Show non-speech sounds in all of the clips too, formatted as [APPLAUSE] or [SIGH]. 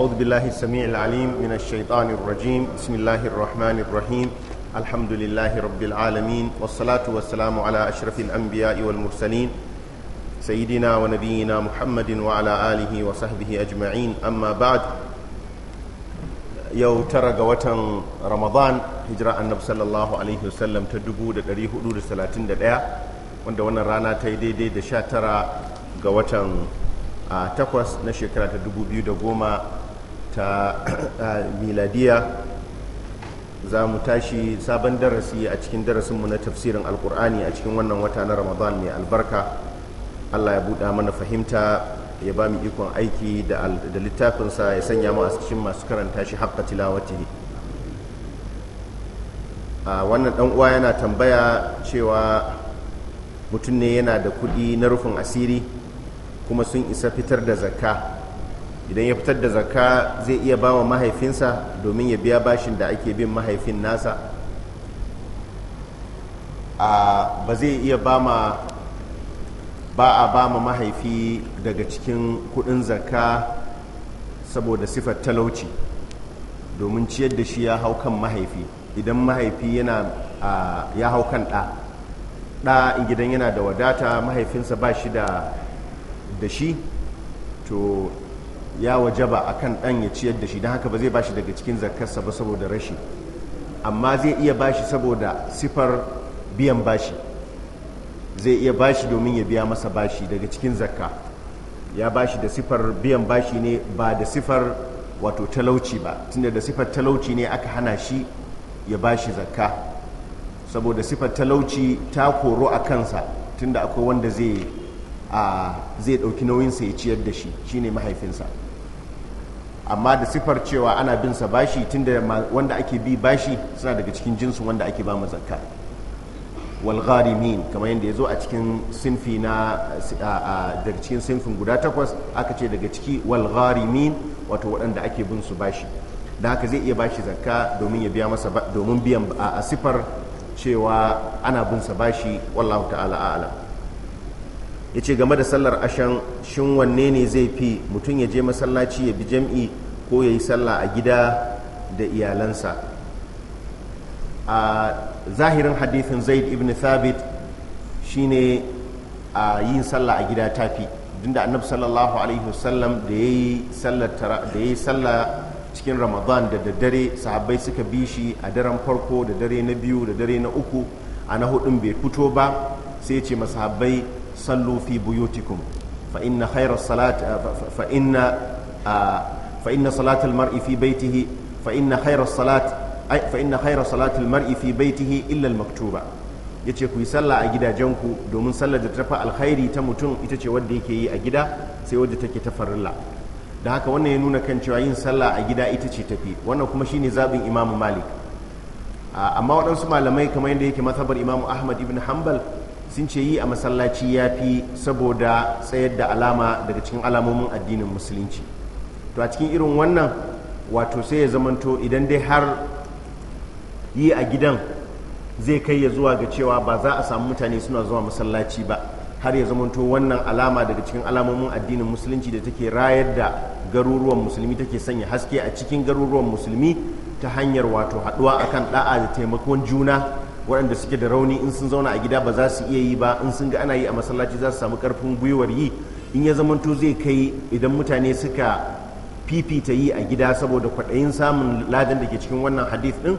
أعوذ بالله السميع العليم من الشيطان الرجيم بسم الله الرحمن الرحيم الحمد لله رب العالمين والصلاة والسلام على أشرف الأنبياء والمرسلين سيدنا ونبينا محمد وعلى آله وصحبه أجمعين أما بعد yau tara ga watan ramadan hijira annabi sallallahu alaihi wasallam ta 1431 wanda wannan rana ta yi daidai da 19 ga watan takwas na shekara ta 2010 ta [CLEARS THROAT] miladiya za mu tashi sabon darasi a cikin darasinmu na tafsirin alkur'ani a cikin wannan wata na ramadan mai albarka allah ya buɗa mana fahimta ya ba mu ikon aiki da littafinsa ya sanya mu a cikin masu karanta shi haƙƙa tilawati a wannan ɗan uwa yana tambaya cewa mutum ne yana da kuɗi na rufin asiri kuma sun isa fitar da zakka idan ya fitar da zakka zai iya ba wa mahaifinsa domin ya biya bashin da ake bin mahaifin nasa ba zai iya ba ma ba a ba ma mahaifi daga cikin kudin zakka saboda sifar talauci domin ciyar da shi ya hau kan mahaifi idan mahaifi yana ya hau kan ɗa ɗa gidan yana da wadata mahaifinsa ba shi da shi to ya wajaba kan ɗan ya ciyar da shi don haka ba zai bashi daga cikin zakarsa ba saboda rashi amma zai iya bashi saboda sifar biyan bashi zai iya bashi domin ya biya masa bashi daga cikin zakka ya bashi da sifar biyan bashi ne ba da sifar wato talauci ba tunda da sifar talauci ne aka hana shi ya bashi zakka saboda sifar talauci ta koro a kansa tunda akwai wanda zai ɗauki nauyinsa ya ciyar da shi shine mahaifinsa amma da sifar cewa ana bin sa bashi tunda wanda ake bi bashi suna daga cikin jinsin wanda ake ba mu zakka wal gharimin kamar yadda ya zo a cikin sinfi na daga cikin sinfin guda takwas aka ce daga ciki wal gharimin wato waɗanda ake bin su bashi da haka zai iya bashi zakka domin ya biya masa domin biyan a sifar cewa ana bin sa bashi wallahu ta'ala a'lam ya ce game da sallar ashan shin wanne ne zai fi mutum ya je masallaci ya bi jam'i ko ya yi sallah a gida da iyalansa a zahirin hadithin zaid ibn thabit shine a yin sallah a gida tafi dinda annabi sallallahu alaihi wasallam da ya yi sallah cikin ramadan da daddare sahabbai suka bi shi a daren farko da dare na biyu da dare na uku a na hudun bai fito ba sai ce masahabbai sallu fi buyutikum fa inna khayra salati fa al-mar'i fi baytihi fa fi maktuba yace ku yi sallah a gidajenku domin sallar da ta fi alkhairi ta mutum ita ce wadda yake yi a gida sai wadda take ta farilla da haka wannan ya nuna kan cewa yin sallah a gida ita ce tafi wannan kuma shine zabin imamu malik amma waɗansu malamai kamar yadda yake mazhabar imamu ahmad ibn hanbal sun ce yi a masallaci ya fi saboda tsayar da alama daga cikin alamomin addinin musulunci to a cikin irin wannan wato sai ya zamanto idan dai har yi a gidan zai kai ya zuwa ga cewa ba za a samu mutane suna zuwa masallaci ba har ya zamanto wannan alama daga cikin alamomin addinin musulunci da take rayar da garuruwan musulmi take sanya haske a cikin garuruwan musulmi ta hanyar wato haɗuwa akan ɗa'a da taimakon juna waɗanda suke da rauni in sun zauna a gida ba za su iya yi ba in sun ga ana yi a masallaci za su samu ƙarfin gwiwar yi in ya zamanto zai kai idan mutane suka fifita yi a gida saboda kwaɗayin samun ladan da ke cikin wannan hadith ɗin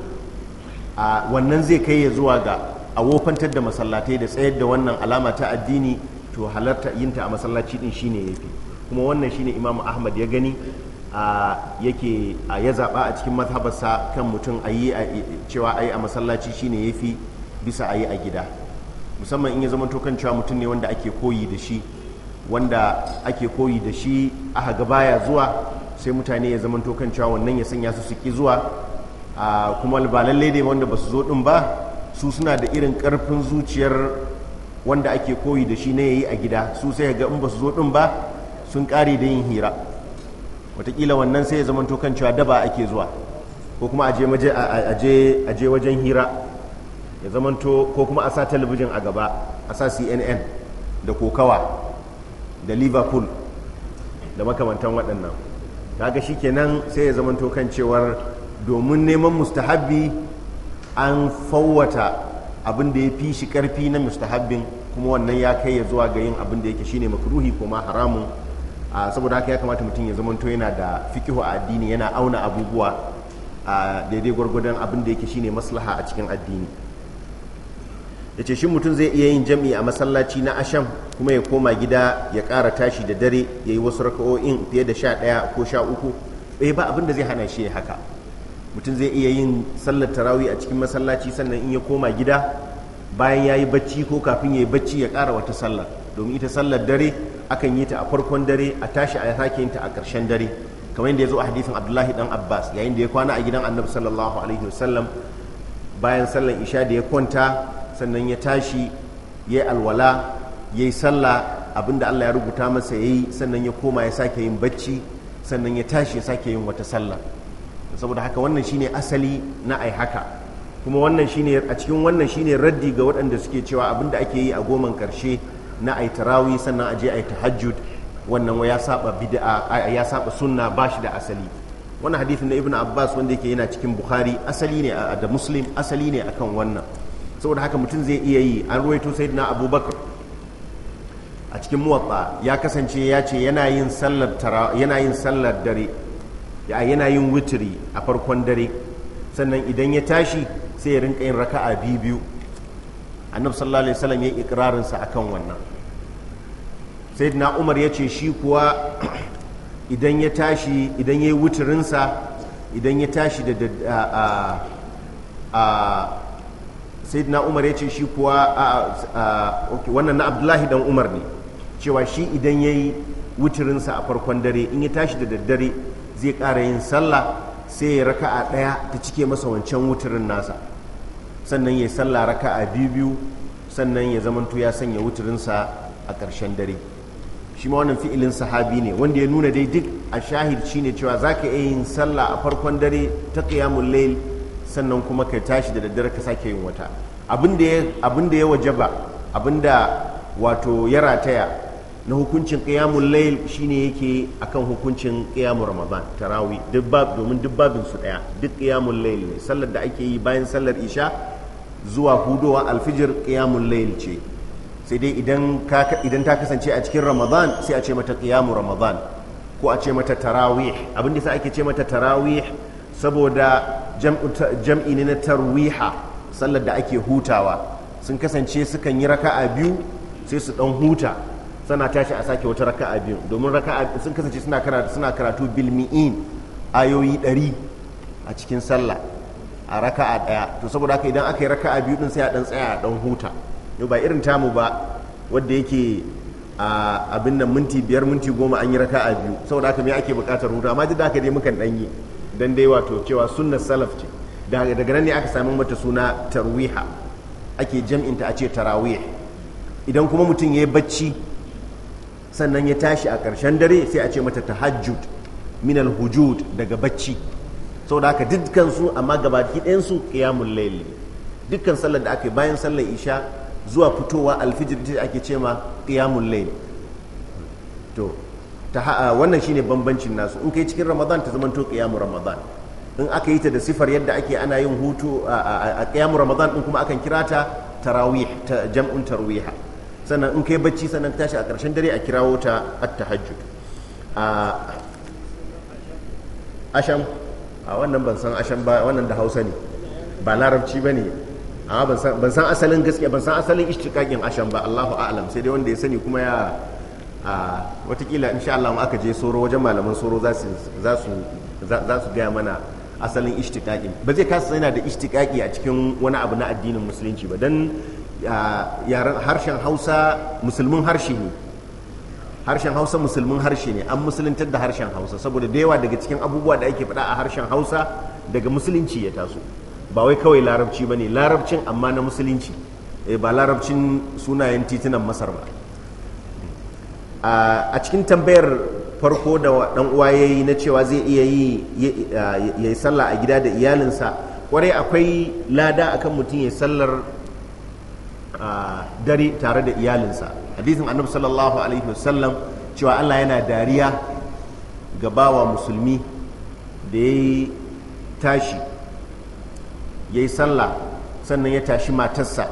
a wannan zai kai ya zuwa ga a wofantar da masallatai da tsayar da wannan alama ta addini to halarta yinta a masallaci ɗin shine fi. kuma wannan shine imamu ahmad ya gani yake ya zaɓa a cikin mazhabarsa kan mutum a yi cewa a yi a masallaci shine ya fi bisa a yi a gida musamman in ya zama kan cewa mutum ne wanda ake koyi da shi wanda ake koyi da shi aka ga baya zuwa sai mutane ya zama kan cewa wannan ya sanya su suki zuwa kuma ba lalle wanda ba su zo din ba su suna da irin karfin zuciyar wanda ake koyi da shi na yayi a gida su sai ga in ba su zo din ba sun kare da yin hira watakila wannan sai ya zama to cewa daba ake zuwa ko kuma a je wajen hira ya zama to ko kuma a sa talabijin a gaba a sa cnn da kokawa da liverpool da makamantan waɗannan ga shi kenan sai ya zama kan cewar domin neman mustahabbi an fawwata abin da ya fi shi karfi na mustahabbin kuma wannan ya kai ya zuwa ga yin abin da yake shine makruhi ko ma haramun saboda haka ya kamata mutum ya zamanto yana da fikihu a addini yana auna abubuwa a daidai gwargwadon abin da yake shine maslaha a cikin addini ya ce shi mutum zai iya yin jam'i a masallaci na asham kuma ya koma gida ya kara tashi da dare ya yi wasu raka'o'in fiye da sha ɗaya ko sha uku eh ba abin da zai hana shi haka mutum zai iya yin sallar tarawi a cikin masallaci sannan in ya koma gida bayan ya yi bacci ko kafin ya yi bacci ya kara wata sallar domin ita sallar dare akan yi ta a farkon dare a tashi a sake yin ta a ƙarshen dare kamar yadda ya zo a hadisin abdullahi dan abbas yayin da ya kwana a gidan annabi sallallahu alaihi wasallam bayan sallan isha da ya kwanta sannan ya tashi ya yi alwala ya yi sallah abinda allah ya rubuta masa ya yi sannan ya koma ya sake yin bacci sannan ya tashi ya sake yin wata sallah saboda haka wannan shine asali na ai haka kuma wannan shine a cikin wannan shine raddi ga waɗanda suke cewa abinda ake yi a goman karshe na yi tarawi sannan a je a tahajjud wannan ya saba bid'a ya saba sunna bashi da asali wannan hadisin na ibnu abbas wanda yake yana cikin bukhari asali ne da muslim asali ne akan wannan saboda haka mutum zai iya yi an ruwaito sayyidina abubakar a cikin muwatta ya kasance ya ce yana yin sallar yana yin sallar yana yin witiri a farkon dare sannan idan ya tashi sai ya rinka yin raka'a biyu biyu annabi sallallahu alaihi wasallam yi ikrarin sa akan wannan sayyidina umar ya ce shi kuwa [CLEARS THROAT] idan ya tashi idan yayi wuturin sa idan ya tashi da sayyidina umar ya ce shi kuwa wannan na abdullahi dan umar ne cewa shi idan yayi wuturinsa a farkon dare in ya tashi da daddare zai ƙara yin sallah sai ya raka'a daya ta cike masa wancan wuturin nasa sannan ya sallah raka biyu biyu sannan ya zamanto ya sanya wuturinsa a ƙarshen dare shi ma wannan fi'ilin sahabi ne wanda ya nuna dai duk a shahid ne cewa za ka iya yin sallah a farkon dare ta ƙiyamun layil sannan kuma ka tashi da daddare ka sake yin wata abin da ya wajaba abin da wato ya rataya na hukuncin ƙiyamun layil shi ne yake a kan hukuncin ƙiyamun ramadan tarawi domin duk babin su daya duk ƙiyamun layil ne sallar da ake yi bayan sallar isha zuwa hudowa alfijir ƙiyamun layl ce sai dai idan ta kasance a cikin ramadan sai a ce mata ƙiyamu ramadan ko a ce mata tarawih abin da sa ake ce mata tarawih saboda jam'i ne na tarwiha sallar da ake hutawa sun kasance sukan yi raka'a biyu sai su dan huta sana tashi a sake wata raka'a biyu domin raka'a sun kasance suna karatu bilmi'in ayoyi ɗari a cikin sallah a raka'a daya to saboda haka idan aka yi raka'a biyu din sai a dan tsaya a dan huta yau ba irin tamu ba wanda yake a abin nan minti biyar minti goma an yi raka'a biyu saboda haka me ake bukatar huta amma duk da haka dai mukan dan yi dan dai wato cewa sunnar salaf ce daga nan ne aka sami mata suna tarwiha ake jam'inta a ce tarawih idan kuma mutum ya yi bacci sannan ya tashi a ƙarshen dare sai a ce mata tahajjud minal hujud daga bacci sau da aka dukkan su amma gabaki ɗayan su qiyamul layl dukkan sallar da ake bayan sallar isha zuwa fitowa alfijir da ake ce ma qiyamul layl to ta ha'a wannan shine bambancin nasu in kai cikin ramadan ta zamanto qiyamul ramadan in aka yi ta da sifar yadda ake ana yin hutu a qiyamul ramadan din kuma akan kira ta tarawih ta jam'un tarwiha sannan in kai bacci sannan tashi a ƙarshen dare a kirawo ta at-tahajjud a asham a wannan ban san ashen ba wannan da hausa ne ba larabci ba ne amma ban san asalin gaskiya ban san asalin ishtikakin ashen ba allahu alam sai dai wanda ya sani kuma ya a watakila insha allah aka je soro wajen malaman soro za su gaya mana asalin ishtikaki ba zai kasa yana da ishtikaki a cikin wani abu na addinin musulunci ba don yaren harshen hausa musulmin harshe ne harshen hausa musulmin harshe ne an musuluntar da harshen hausa saboda da yawa daga cikin abubuwa da ake faɗa a harshen hausa daga musulunci ya taso ba wai kawai larabci ba ne larabcin amma na musulunci eh, ba larabcin sunayen titunan masar ba a cikin tambayar farko da ɗan uwa ya na cewa zai iya yi ya yi sallah a gida da iyalinsa kwarai akwai lada akan mutum ya sallar dare tare da iyalinsa hadisin annabi sallallahu alaihi wasallam cewa Allah yana dariya ga bawa musulmi da ya tashi ya yi sallah sannan ya tashi matarsa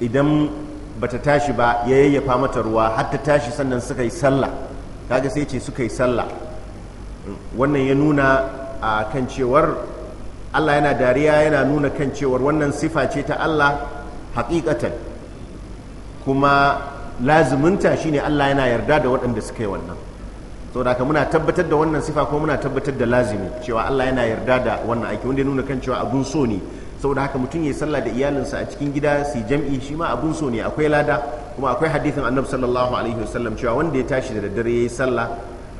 idan bata tashi ba ya yayyafa mata ruwa har ta tashi sannan suka yi sallah kaga sai ce suka yi sallah wannan ya nuna a kan cewar Allah yana dariya yana nuna kan cewar wannan sifa ce ta Allah haƙiƙatan kuma laziminta shine Allah yana yarda da waɗanda suka yi wannan saboda ka muna tabbatar da wannan sifa ko muna tabbatar da lazimi cewa Allah yana yarda da wannan aiki wanda ya nuna kan cewa abun so ne saboda haka mutum ya sallah da iyalinsa a cikin gida su jam'i shi ma abun so ne akwai lada kuma akwai hadithin annabi sallallahu alaihi wasallam cewa wanda ya tashi da daddare yi sallah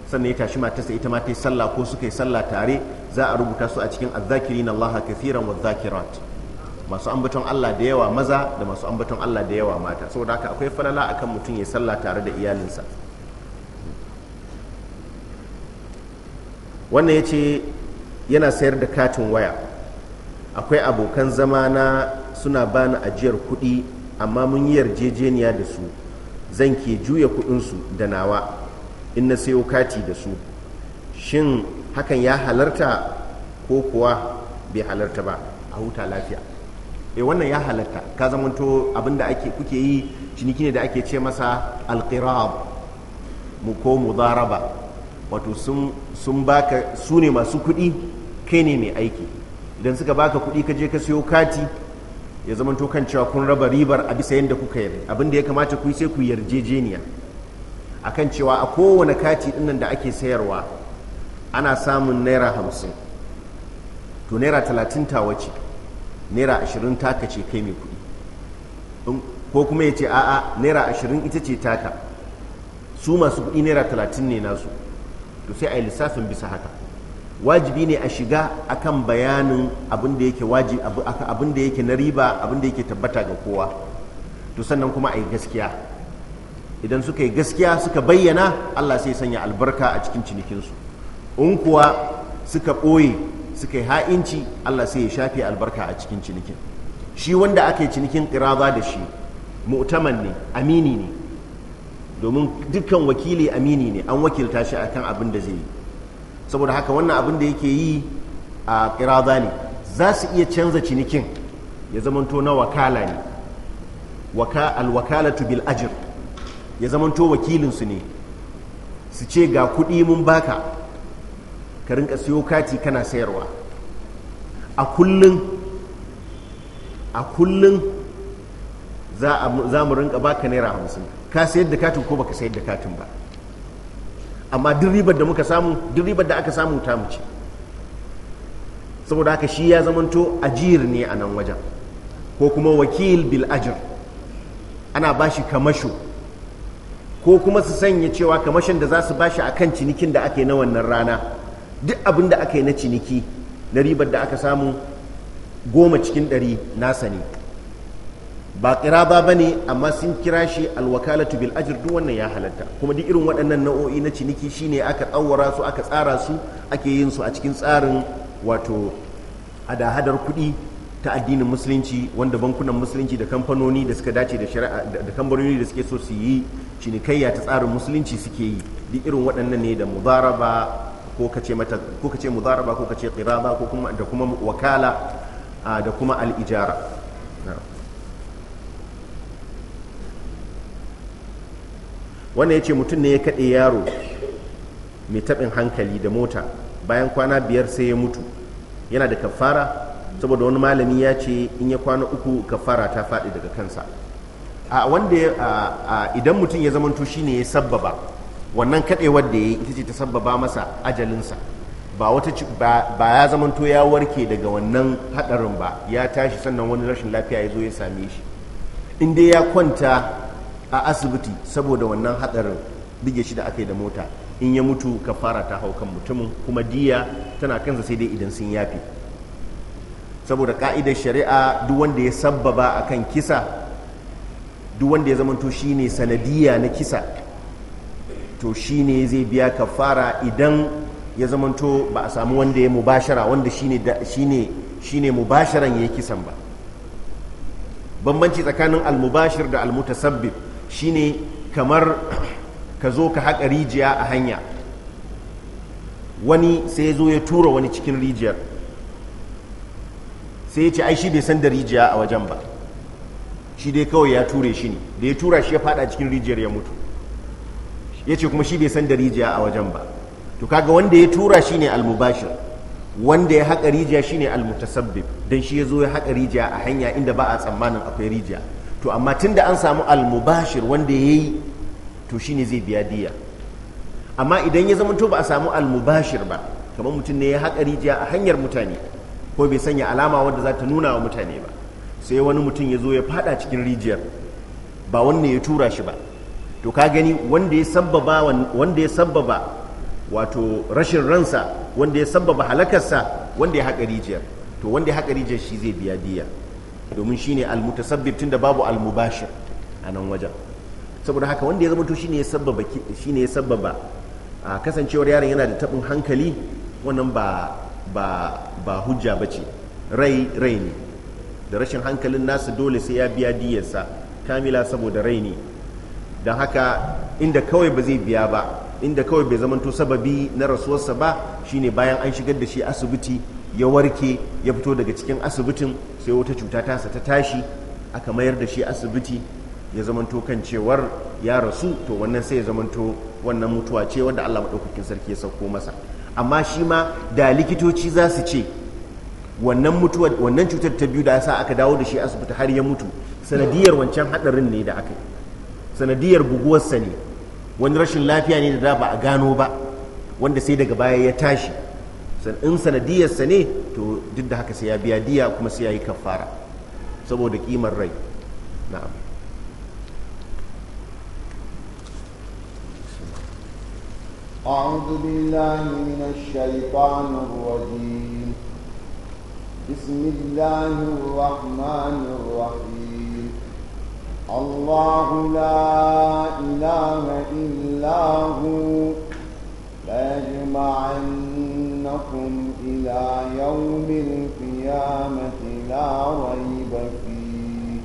sannan ya tashi matarsa ita ma ta yi sallah ko suka yi sallah tare za a rubuta su a cikin azzakirina Allah kathiran masu ambaton Allah da yawa maza da masu ambaton Allah da yawa mata saboda haka akwai falala akan mutum ya sallah tare da iyalinsa wannan ya ce yana sayar da katin waya akwai abokan zama na suna bani ajiyar kuɗi amma mun yi yarjejeniya da su zan ke juya kuɗinsu da nawa in na sayo kati da su shin hakan ya halarta ko kuwa bai halarta ba a huta lafiya e wannan ya halatta ka zamanto abinda ake kuke yi ciniki ne da ake ce masa alqirab mu ko mudaraba wato sun baka su ne masu kuɗi kai ne mai aiki idan suka baka kuɗi ka je ka siyo kati ya zamanto kan cewa kun raba ribar a bisa yadda kuka yi abinda ya kamata ku yi sai ku yarjejeniya akan cewa a kowane kati dinnan da ake sayarwa ana samun naira hamsin to naira talatin ta wace naira ashirin taka ce kai mai kuɗi ko kuma ya ce a'a naira ashirin ita ce taka su masu kuɗi naira talatin ne nasu to sai a yi lissafin bisa haka wajibi ne a shiga akan bayanin abin da yake wajibi abin yake na riba abin da yake tabbata ga kowa to sannan kuma a yi gaskiya idan suka yi gaskiya suka bayyana allah sai sanya albarka a cikin cinikinsu in kuwa suka ɓoye suka yi ha'inci Allah sai ya shafe albarka a cikin cinikin shi wanda aka yi cinikin ƙiraza da shi mu'taman ne amini ne domin dukkan wakili amini ne an wakilta shi a kan abin da zai yi saboda haka wannan abin da yake yi a ƙiraza ne za su iya canza cinikin ya zamanto na wakala ne alwakala alwakalatu bil ajir ya zamanto wakilinsu ne su ce ga kuɗi mun baka ka rinka siyo kati kana sayarwa a kullum a kullum za mu rinka baka naira hamsin ka sayar da katin ko baka sayar da katin ba amma duk ribar da muka samu duk ribar da aka samu ta mu ce saboda haka shi ya zamanto ajiyar ne a nan wajen ko kuma wakil bil ajir ana shi kamasho ko kuma su sanya cewa kamashin da za su ba shi a kan cinikin da ake na wannan rana duk abin da aka yi na ciniki na ribar da aka samu goma cikin ɗari nasa ne ba ƙiraba ba ne amma sun kira shi alwakalatu bil ajir duk wannan ya halatta kuma duk irin waɗannan nau'o'i na ciniki shine aka tsawara su aka tsara su ake yin su a cikin tsarin wato hada-hadar kuɗi ta addinin musulunci wanda bankunan musulunci da kamfanoni da suka dace da shari'a da kamfanoni da suke so su yi cinikayya ta tsarin musulunci suke yi duk irin waɗannan ne da mudaraba ko ka ce mata ko ka ce mudaraba ko ko kuma da kuma wakala da kuma al'ijara. wannan ya ce mutum ne ya kaɗe yaro mai taɓin hankali da mota bayan kwana biyar sai ya mutu yana da kafara saboda wani malami ya ce in ya kwana uku kafara ta faɗi daga kansa a wanda idan mutum ya zamanto ne ya sabbaba wannan kadewar da ya yi ita ce ta sababa masa ajalinsa ba wata ba ya zamanto ya warke daga wannan hadarin ba ya tashi sannan wani rashin lafiya ya zo ya same shi in dai ya kwanta a asibiti saboda wannan hadarin bige shi da aka yi da mota in ya mutu kafara ta hau kan mutumin kuma diya tana kansa sai dai idan sun yafi saboda ka'idar shari'a duk wanda ya sabbaba akan kisa duk wanda ya zamanto shine sanadiyya na kisa to shine zai biya kafara idan ya zamanto ba a samu wanda ya mubashara wanda shine ne mubasharan ya yi kisan ba bambanci tsakanin almubashir da almutasabbib shine kamar ka zo ka haƙa rijiya a hanya wani sai ya zo ya tura wani cikin rijiyar sai ya ce ai shi bai san da rijiya a wajen ba shi dai kawai ya ture shi ne da ya tura shi ya faɗa cikin rijiyar ya mutu ya ce kuma shi bai san da rijiya a wajen ba to kaga wanda ya tura shi ne almubashir wanda ya haƙa rijiya shi ne almutasabbib don shi ya zo ya haƙa rijiya a hanya inda ba a tsammanin akwai rijiya to amma tun da an samu almubashir wanda ya yi to shi ne zai biya diya amma idan ya zamanto ba a samu almubashir ba kamar mutum ne ya haƙa rijiya a hanyar mutane ko bai sanya alama wanda za ta nuna wa mutane ba sai wani mutum ya zo ya faɗa cikin rijiyar ba wanne ya tura shi ba to ka gani wanda ya sababa wanda ya sababa wato rashin ransa wanda ya sababa halakarsa wanda ya haƙa rijiyar to wanda ya haƙa rijiyar shi zai biya diya domin shi ne almutasabbib da babu almubashir a nan wajen saboda haka wanda ya zama to shi ne ya sababa a kasancewar yaron yana da taɓin hankali wannan ba ba ba hujja bace rai rai ne da rashin hankalin nasa dole sai ya biya diyarsa kamila saboda rai ne don haka inda kawai ba zai biya ba inda kawai bai zamanto sababi na rasuwarsa ba shine bayan an shigar da shi asibiti ya warke ya fito daga cikin asibitin sai wata cuta tasa ta tashi aka mayar da shi asibiti ya zamanto kan cewar ya rasu to wannan sai ya zamanto wannan mutuwa ce wanda Allah maɗaukakin sarki ya sauko masa amma shi ma da likitoci za su ce wannan mutuwa wannan cutar ta biyu da ya sa aka dawo da shi asibiti har ya mutu sanadiyar wancan hadarin ne da aka yi sanadiyar buguwarsa ne wani rashin lafiya ne da ba a gano ba wanda sai daga baya ya tashi in sanadiyarsa ne to duk da haka sai ya biya diya kuma sai ya yi kafara saboda kimar rai na'am أعوذ بالله من الشيطان الرجيم بسم الله الرحمن الرحيم الله لا إله إلا هو ليجمعنكم إلى يوم القيامة لا ريب فيه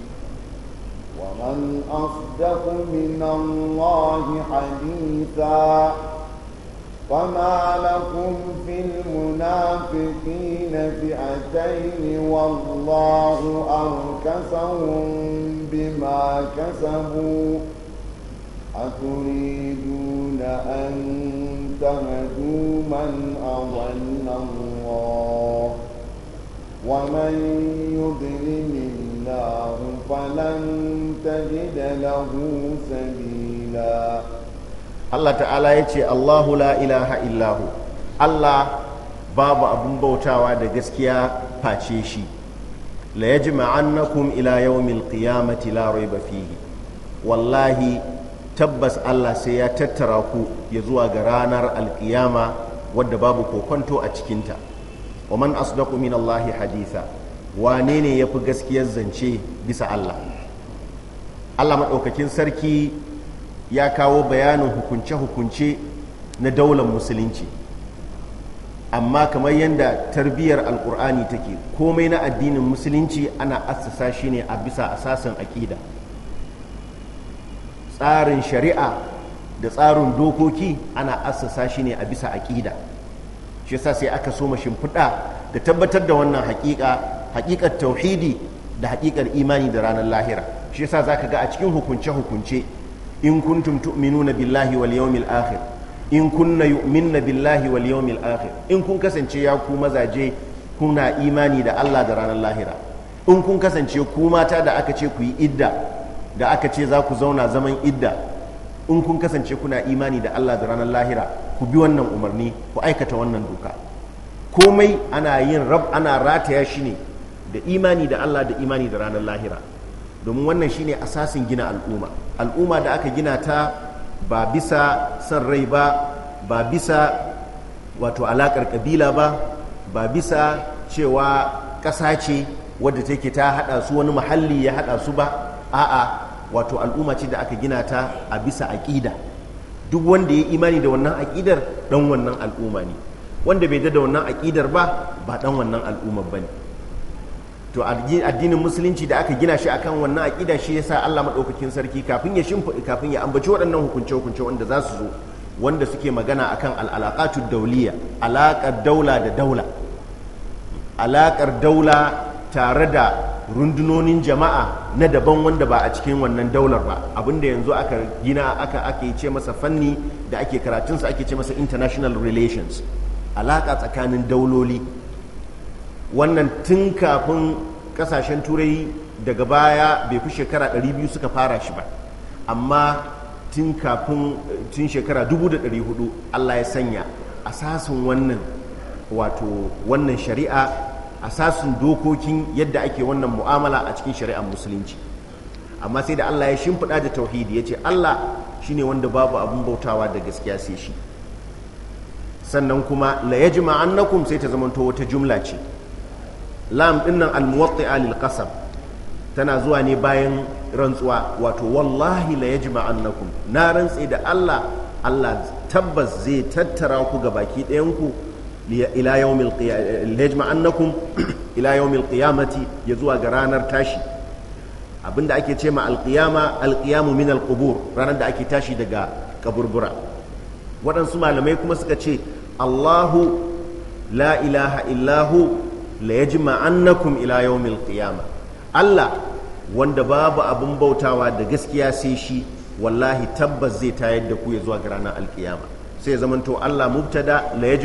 ومن أصدق من الله حديثا وما لكم في المنافقين فئتين والله أركسهم بما كسبوا أتريدون أن تهدوا من أضل الله ومن يضلل الله فلن تجد له سبيلاً Allah ta'ala ya ce Allahu la ilaha illahu Allah babu abin bautawa da gaskiya face shi la yajma'annakum ila yawmil qiyamati la rayba fihi wallahi tabbas Allah sai ya tattara ku ya zuwa ga ranar alkiyama wadda babu kokonto a cikinta wa man asdaqu min Allahi haditha wane ne yafi gaskiyar zance bisa Allah Allah maɗaukakin sarki ya kawo bayanin hukunce-hukunce na daular musulunci amma kamar yadda tarbiyyar alkur'ani take komai na addinin musulunci ana assasa shi ne a bisa asasin aƙida tsarin shari'a da tsarin dokoki ana assasa shi ne a bisa aƙida shi yasa sai aka so soma shimfiɗa da tabbatar da wannan haƙiƙa haƙiƙar tauhidi da haƙiƙar imani da ranar lahira shi yasa za ka ga a cikin hukunce-hukunce in kuntum tu'minuna billahi wal yawmil akhir in kunna yu'minna billahi wal yawmil akhir in kun kasance ya ku mazaje kuna imani da Allah da ranar lahira in kun kasance ku mata da aka ce ku yi idda da aka ce za ku zauna zaman idda in kun kasance kuna imani da Allah da ranar lahira ku bi wannan umarni ku aikata wannan doka komai ana yin rab ana rataya shi ne da imani da Allah da imani da ranar lahira domin wannan shine asasin gina al'umma al'umma da aka gina ta ba bisa san rai ba ba bisa wato alakar kabila ba ba bisa cewa ƙasa ce wadda take ta haɗa su wani muhalli ya haɗa su ba a'a wato al'umma ce da aka gina ta a bisa aƙida duk wanda ya imani da wannan aƙidar dan wannan al'umma ne wanda bai da wannan aƙidar ba ba dan wannan al'umma ba ne to addinin musulunci da aka gina shi akan wannan aqida shi yasa Allah madaukakin sarki kafin ya shimfa kafin ya ambaci waɗannan hukunce hukunce wanda za su zo wanda suke magana akan al'alaqatu dawliya alaqar daula da daula alaƙar daula tare da rundunonin jama'a na daban wanda ba a cikin wannan daular ba abinda yanzu aka gina aka ake ce masa fanni da ake karatunsa ake ce masa international relations alaƙa tsakanin dauloli wannan tun kafin kasashen turai daga baya bai fi shekara 200 suka fara shi ba amma tun kafin tun shekara 400 allah ya sanya asasin wannan wato wannan shari'a asasin dokokin yadda ake wannan mu'amala a cikin shari'ar musulunci amma sai da allah ya shimfiɗa da tauhidi ya ce allah shine wanda babu abin bautawa da gaskiya sai shi sannan kuma la yajma'annakum sai ta zamanto wata jumla ce lam dinnan almuwatti'a lil tana zuwa ne bayan rantsuwa wato wallahi la yajma'annakum na rantse da Allah Allah tabbas zai tattara ku ga baki ɗayan ku ila yawmil qiyamati [COUGHS] ila yawmil qiyamati ya zuwa ga ranar tashi abinda ake ce ma alqiyama alqiyamu min alqubur ranar da ake tashi daga kaburbura waɗansu malamai kuma suka ce Allahu la ilaha illahu la yajma'annakum ila yawmil qiyamah Allah wanda babu abin bautawa da gaskiya sai shi wallahi tabbas zai tayar da ku ya zuwa ga ranar alkiyama sai ya zamanto Allah mubtada la ya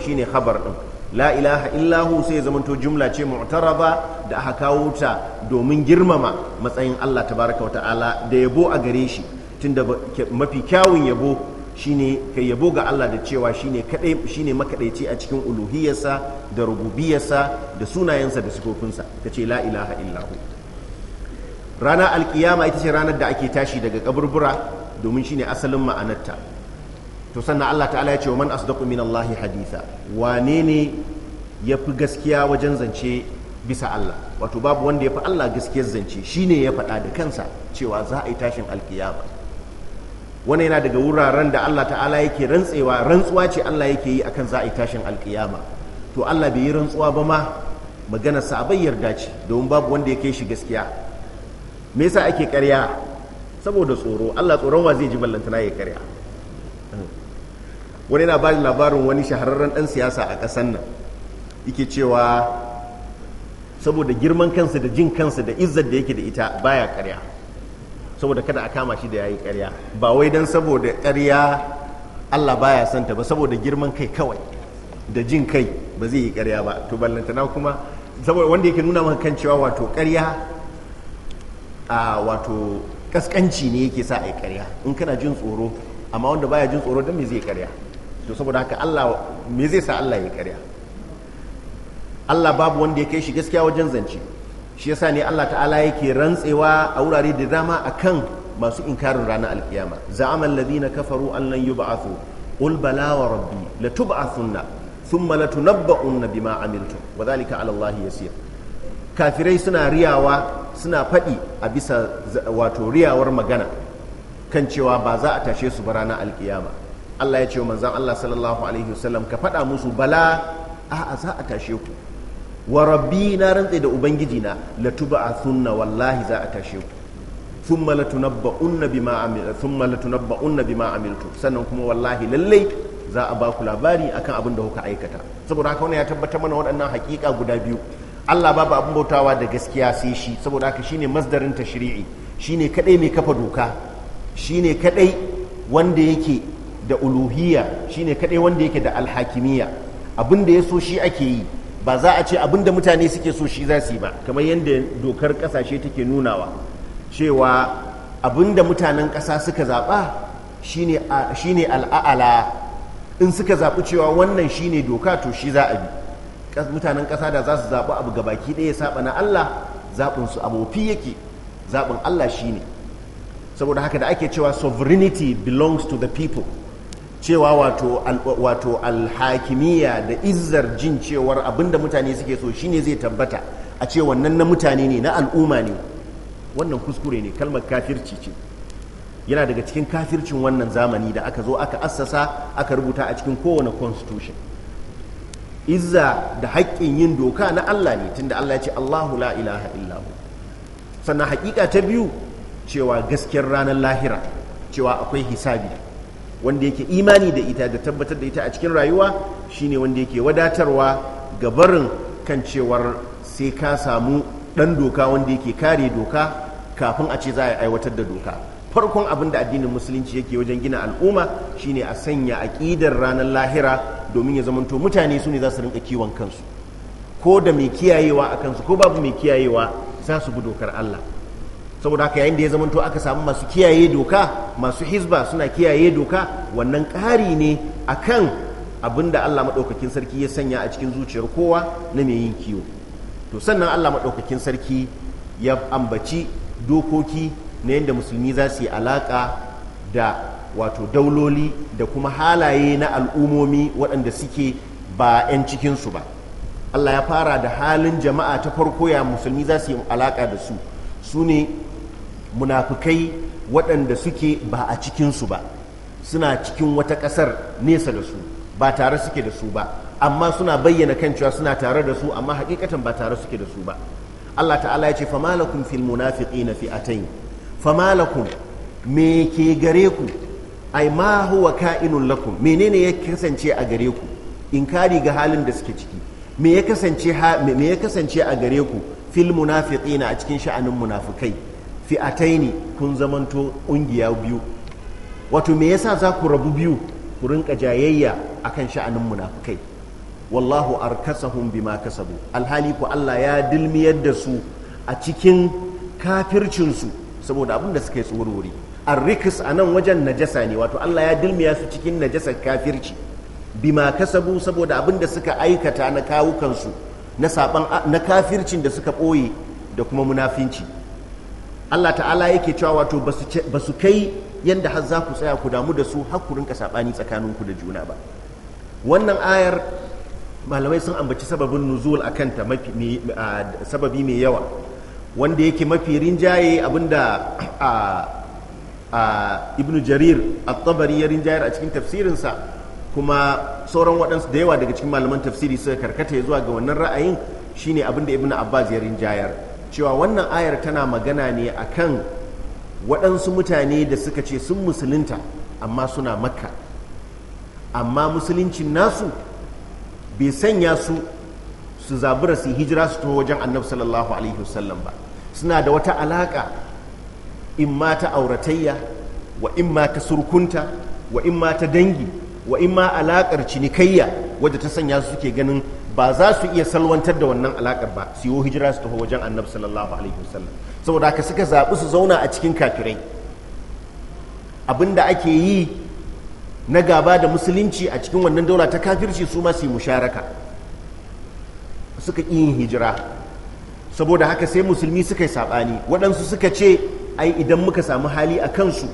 shi ne habar ɗin. la ilaha illahu sai ya zamanto jumla ce mu'taraba da aka kawo ta domin girmama matsayin Allah tabaraka wa ta'ala da yabo a gare shi tunda mafi kyawun yabo shine ka yabo ga Allah da cewa shine kadai shine makadaici a cikin uluhiyarsa da rububiyarsa da sunayensa da sifofinsa ce la ilaha illahu rana alkiyama ita ce ranar da ake tashi daga kaburbura domin shine asalin ma'anarta to sannan Allah ta'ala ya ce wa man asdaqu min Allah haditha wane ne yafi gaskiya wajen zance bisa Allah wato babu wanda yafi Allah gaskiyar zance shine ya faɗa da kansa cewa za a yi tashin alkiyama wani yana daga wuraren da Allah ta'ala yake rantsewa rantsuwa ce Allah yake yi akan za a yi tashin alkiyama to Allah bai yi rantsuwa ba ma magana sa bai yarda ce domin babu wanda ya kai shi gaskiya me yasa ake karya saboda tsoro Allah tsoron wa zai ji ballantana ya karya wani yana bada labarin wani shahararren dan siyasa a ƙasar nan yake cewa saboda girman kansa da jin kansa da izzar da yake da ita baya karya saboda kada a kama shi da yayi karya, ba wai dan saboda karya Allah baya son ta ba saboda girman kai kawai da jin kai ba zai yi ƙarya ba to ballantana kuma saboda wanda yake nuna maka kan cewa wato ƙarya a wato kaskanci ne yake sa a yi ƙarya in kana jin tsoro amma wanda baya jin tsoro dan me zai ƙarya to saboda haka Allah me zai sa Allah ya yi karya? Allah babu wanda ya kai shi gaskiya wajen zance shi yasa ne Allah ta'ala yake rantsewa a wurare da dama akan masu inkarin ranar alkiyama za'amal ladina kafaru an lan yub'athu qul bala wa rabbi latub'athunna thumma na bima amiltum wa dhalika 'ala Allah yasir kafirai suna riyawa suna faɗi a bisa wato riyawar magana kan cewa ba za a tashe su ba ranar alkiyama Allah ya ce wa manzan Allah sallallahu alaihi wasallam ka faɗa musu bala a'a za a tashe ku wa rabbi na rantse da ubangiji na a sunna wallahi za a tashe ku thumma latunabba'unna bima amil thumma latunabba'unna amiltu sannan kuma wallahi lallai za a ba ku labari akan abin da kuka aikata saboda haka wannan ya tabbatar mana waɗannan hakika guda biyu Allah babu abin bautawa da gaskiya sai shi saboda haka shine masdarin tashri'i shine kadai mai kafa doka shine kadai wanda yake da uluhiyya shine kadai wanda yake da alhakimiyya abin da ya so shi ake yi ba za a ce abinda mutane suke so shi za su yi ba kamar yadda dokar kasashe take nunawa cewa abinda mutanen ƙasa suka zaɓa shine al'a'ala in suka zaɓi cewa wannan shi ne doka to shi za a bi mutanen ƙasa da za su zaɓi abu baki ɗaya saɓa na Allah zaɓin su abofi yake zaɓin Allah shi ne. saboda haka da ake cewa sovereignty belongs to the people cewa wato alhakimiyya da izar jin cewar abinda mutane suke so shine zai tabbata a ce wannan na mutane ne na al'umma ne wannan kuskure ne kalmar kafirci ce yana daga cikin kafircin wannan zamani da aka zo aka assasa aka rubuta a cikin kowane constitution izza da haƙƙin yin doka na Allah ne tunda Allah ya ce Allahu la ilaha illahu sannan haƙiƙa ta biyu cewa gaskiyar ranar lahira cewa akwai hisabi wanda yake imani da ita da tabbatar da ita a cikin rayuwa shine wanda yake wadatarwa ga barin kan cewar sai ka samu dan doka wanda yake kare doka kafin a ce za a aiwatar da doka farkon abin da addinin musulunci yake wajen gina al'umma shine a sanya aƙidar ranar lahira domin ya zamanto mutane su ne za su rinka kiwon kansu ko da mai kiyayewa a kansu ko babu mai kiyayewa za su bi dokar Allah saboda haka yayin da ya to aka samu masu kiyaye doka masu hizba suna kiyaye doka wannan ƙari ne akan abin da Allah maɗaukakin sarki ya sanya a cikin zuciyar kowa na mai yin kiwo to sannan Allah maɗaukakin sarki ya ambaci dokoki na yadda musulmi za su yi alaƙa da wato dauloli da kuma halaye na al'umomi waɗanda suke ba 'yan cikinsu ba Allah ya fara da halin jama'a ta farko ya musulmi za su yi alaƙa da su su ne munafukai waɗanda suke ba a cikinsu ba suna cikin wata ƙasar nesa da su ba tare suke da su ba amma suna bayyana kan cewa suna tare da su amma hakikatan ba tare suke da su ba Allah ta'ala ya ce fa malakum fil munafiqina fi'atayn Fa malakum me ke gare ku ai ma huwa ka'inun lakum menene ya kasance a gare ku inkari ga halin da suke ciki me ya kasance a gare ku fil munafiqina a cikin sha'anin munafukai ne kun zamanto ƙungiya biyu wato me yasa za ku rabu biyu ku rinka jayayya akan sha'anin munafukai wallahu arkasahum bima kasabu alhali ku Allah ya dilmiyar da su a cikin kafircinsu saboda abin da suka yi tsururi arrikis a nan wajen najasa ne wato Allah ya dilmiya su cikin najasar kafirci bima kasabu saboda abin da suka aikata na kawukansu na kafircin da suka ɓoye da kuma munafinci Allah ta'ala yake cewa wato ba su kai yadda har za ku tsaya ku damu da su hakurin ku rinka saɓani tsakaninku da juna ba wannan ayar malamai sun ambaci sababin nuzul a kanta sababi mai yawa wanda yake mafi rinjaye abinda a ibnu jarir a tabari ya rinjayar a cikin tafsirinsa kuma sauran waɗansu da yawa daga cikin malaman tafsiri suka karkata zuwa ga wannan ra'ayin shine abinda ibnu abbas ya rinjayar cewa wannan ayar tana magana ne a kan waɗansu mutane da suka ce sun musulunta amma suna makka amma musuluncin nasu bai sanya su su zabura su hijira su taho wajen annabi sallallahu alaihi wasallam ba suna da wata alaƙa in ma ta auratayya wa in ma ta surkunta wa in ma ta dangi wa in ma alaƙar cinikayya wadda ta sanya su suke ganin ba za su iya salwantar da wannan alakar ba su yi hijira su taho wajen annabi sallallahu alaihi wasallam saboda haka suka zaɓi su zauna a cikin kafirai da ake yi na gaba da musulunci a cikin wannan daula ta kafirci su ma su yi musharaka suka ƙi yin hijira saboda haka sai musulmi suka yi saɓani waɗansu suka ce ai idan muka samu hali a kansu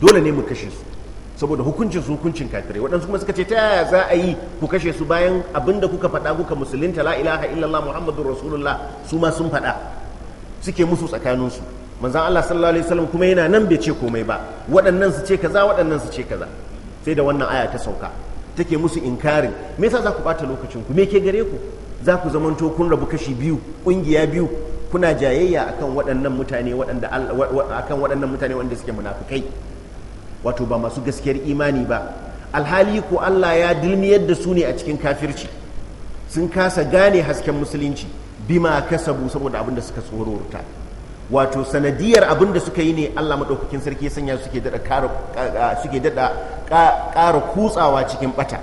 dole ne mu kashe su saboda hukuncin su hukuncin kafirai waɗansu kuma suka ce ta yaya za a yi ku kashe su bayan abin da kuka faɗa kuka musulunta la ilaha illallah muhammadur rasulullah su ma sun faɗa suke musu tsakaninsu manzan Allah sallallahu alaihi wasallam kuma yana nan bai ce komai ba waɗannan su ce kaza waɗannan su ce kaza sai da wannan aya ta sauka take musu inkarin me yasa za ku bata lokacin ku me ke gare ku za ku zamanto kun rabu kashi biyu ƙungiya biyu kuna jayayya akan waɗannan mutane waɗanda akan waɗannan mutane wanda suke munafukai wato ba masu gaskiyar imani ba alhali ko Allah ya dulmiyar da su ne a cikin kafirci sun kasa gane hasken musulunci bima kasabu saboda abin da suka tsororta wato sanadiyar abin da suka yi ne Allah maɗaukakin sarki ya sanya suke daɗa suke daɗa ƙara kutsawa cikin ɓata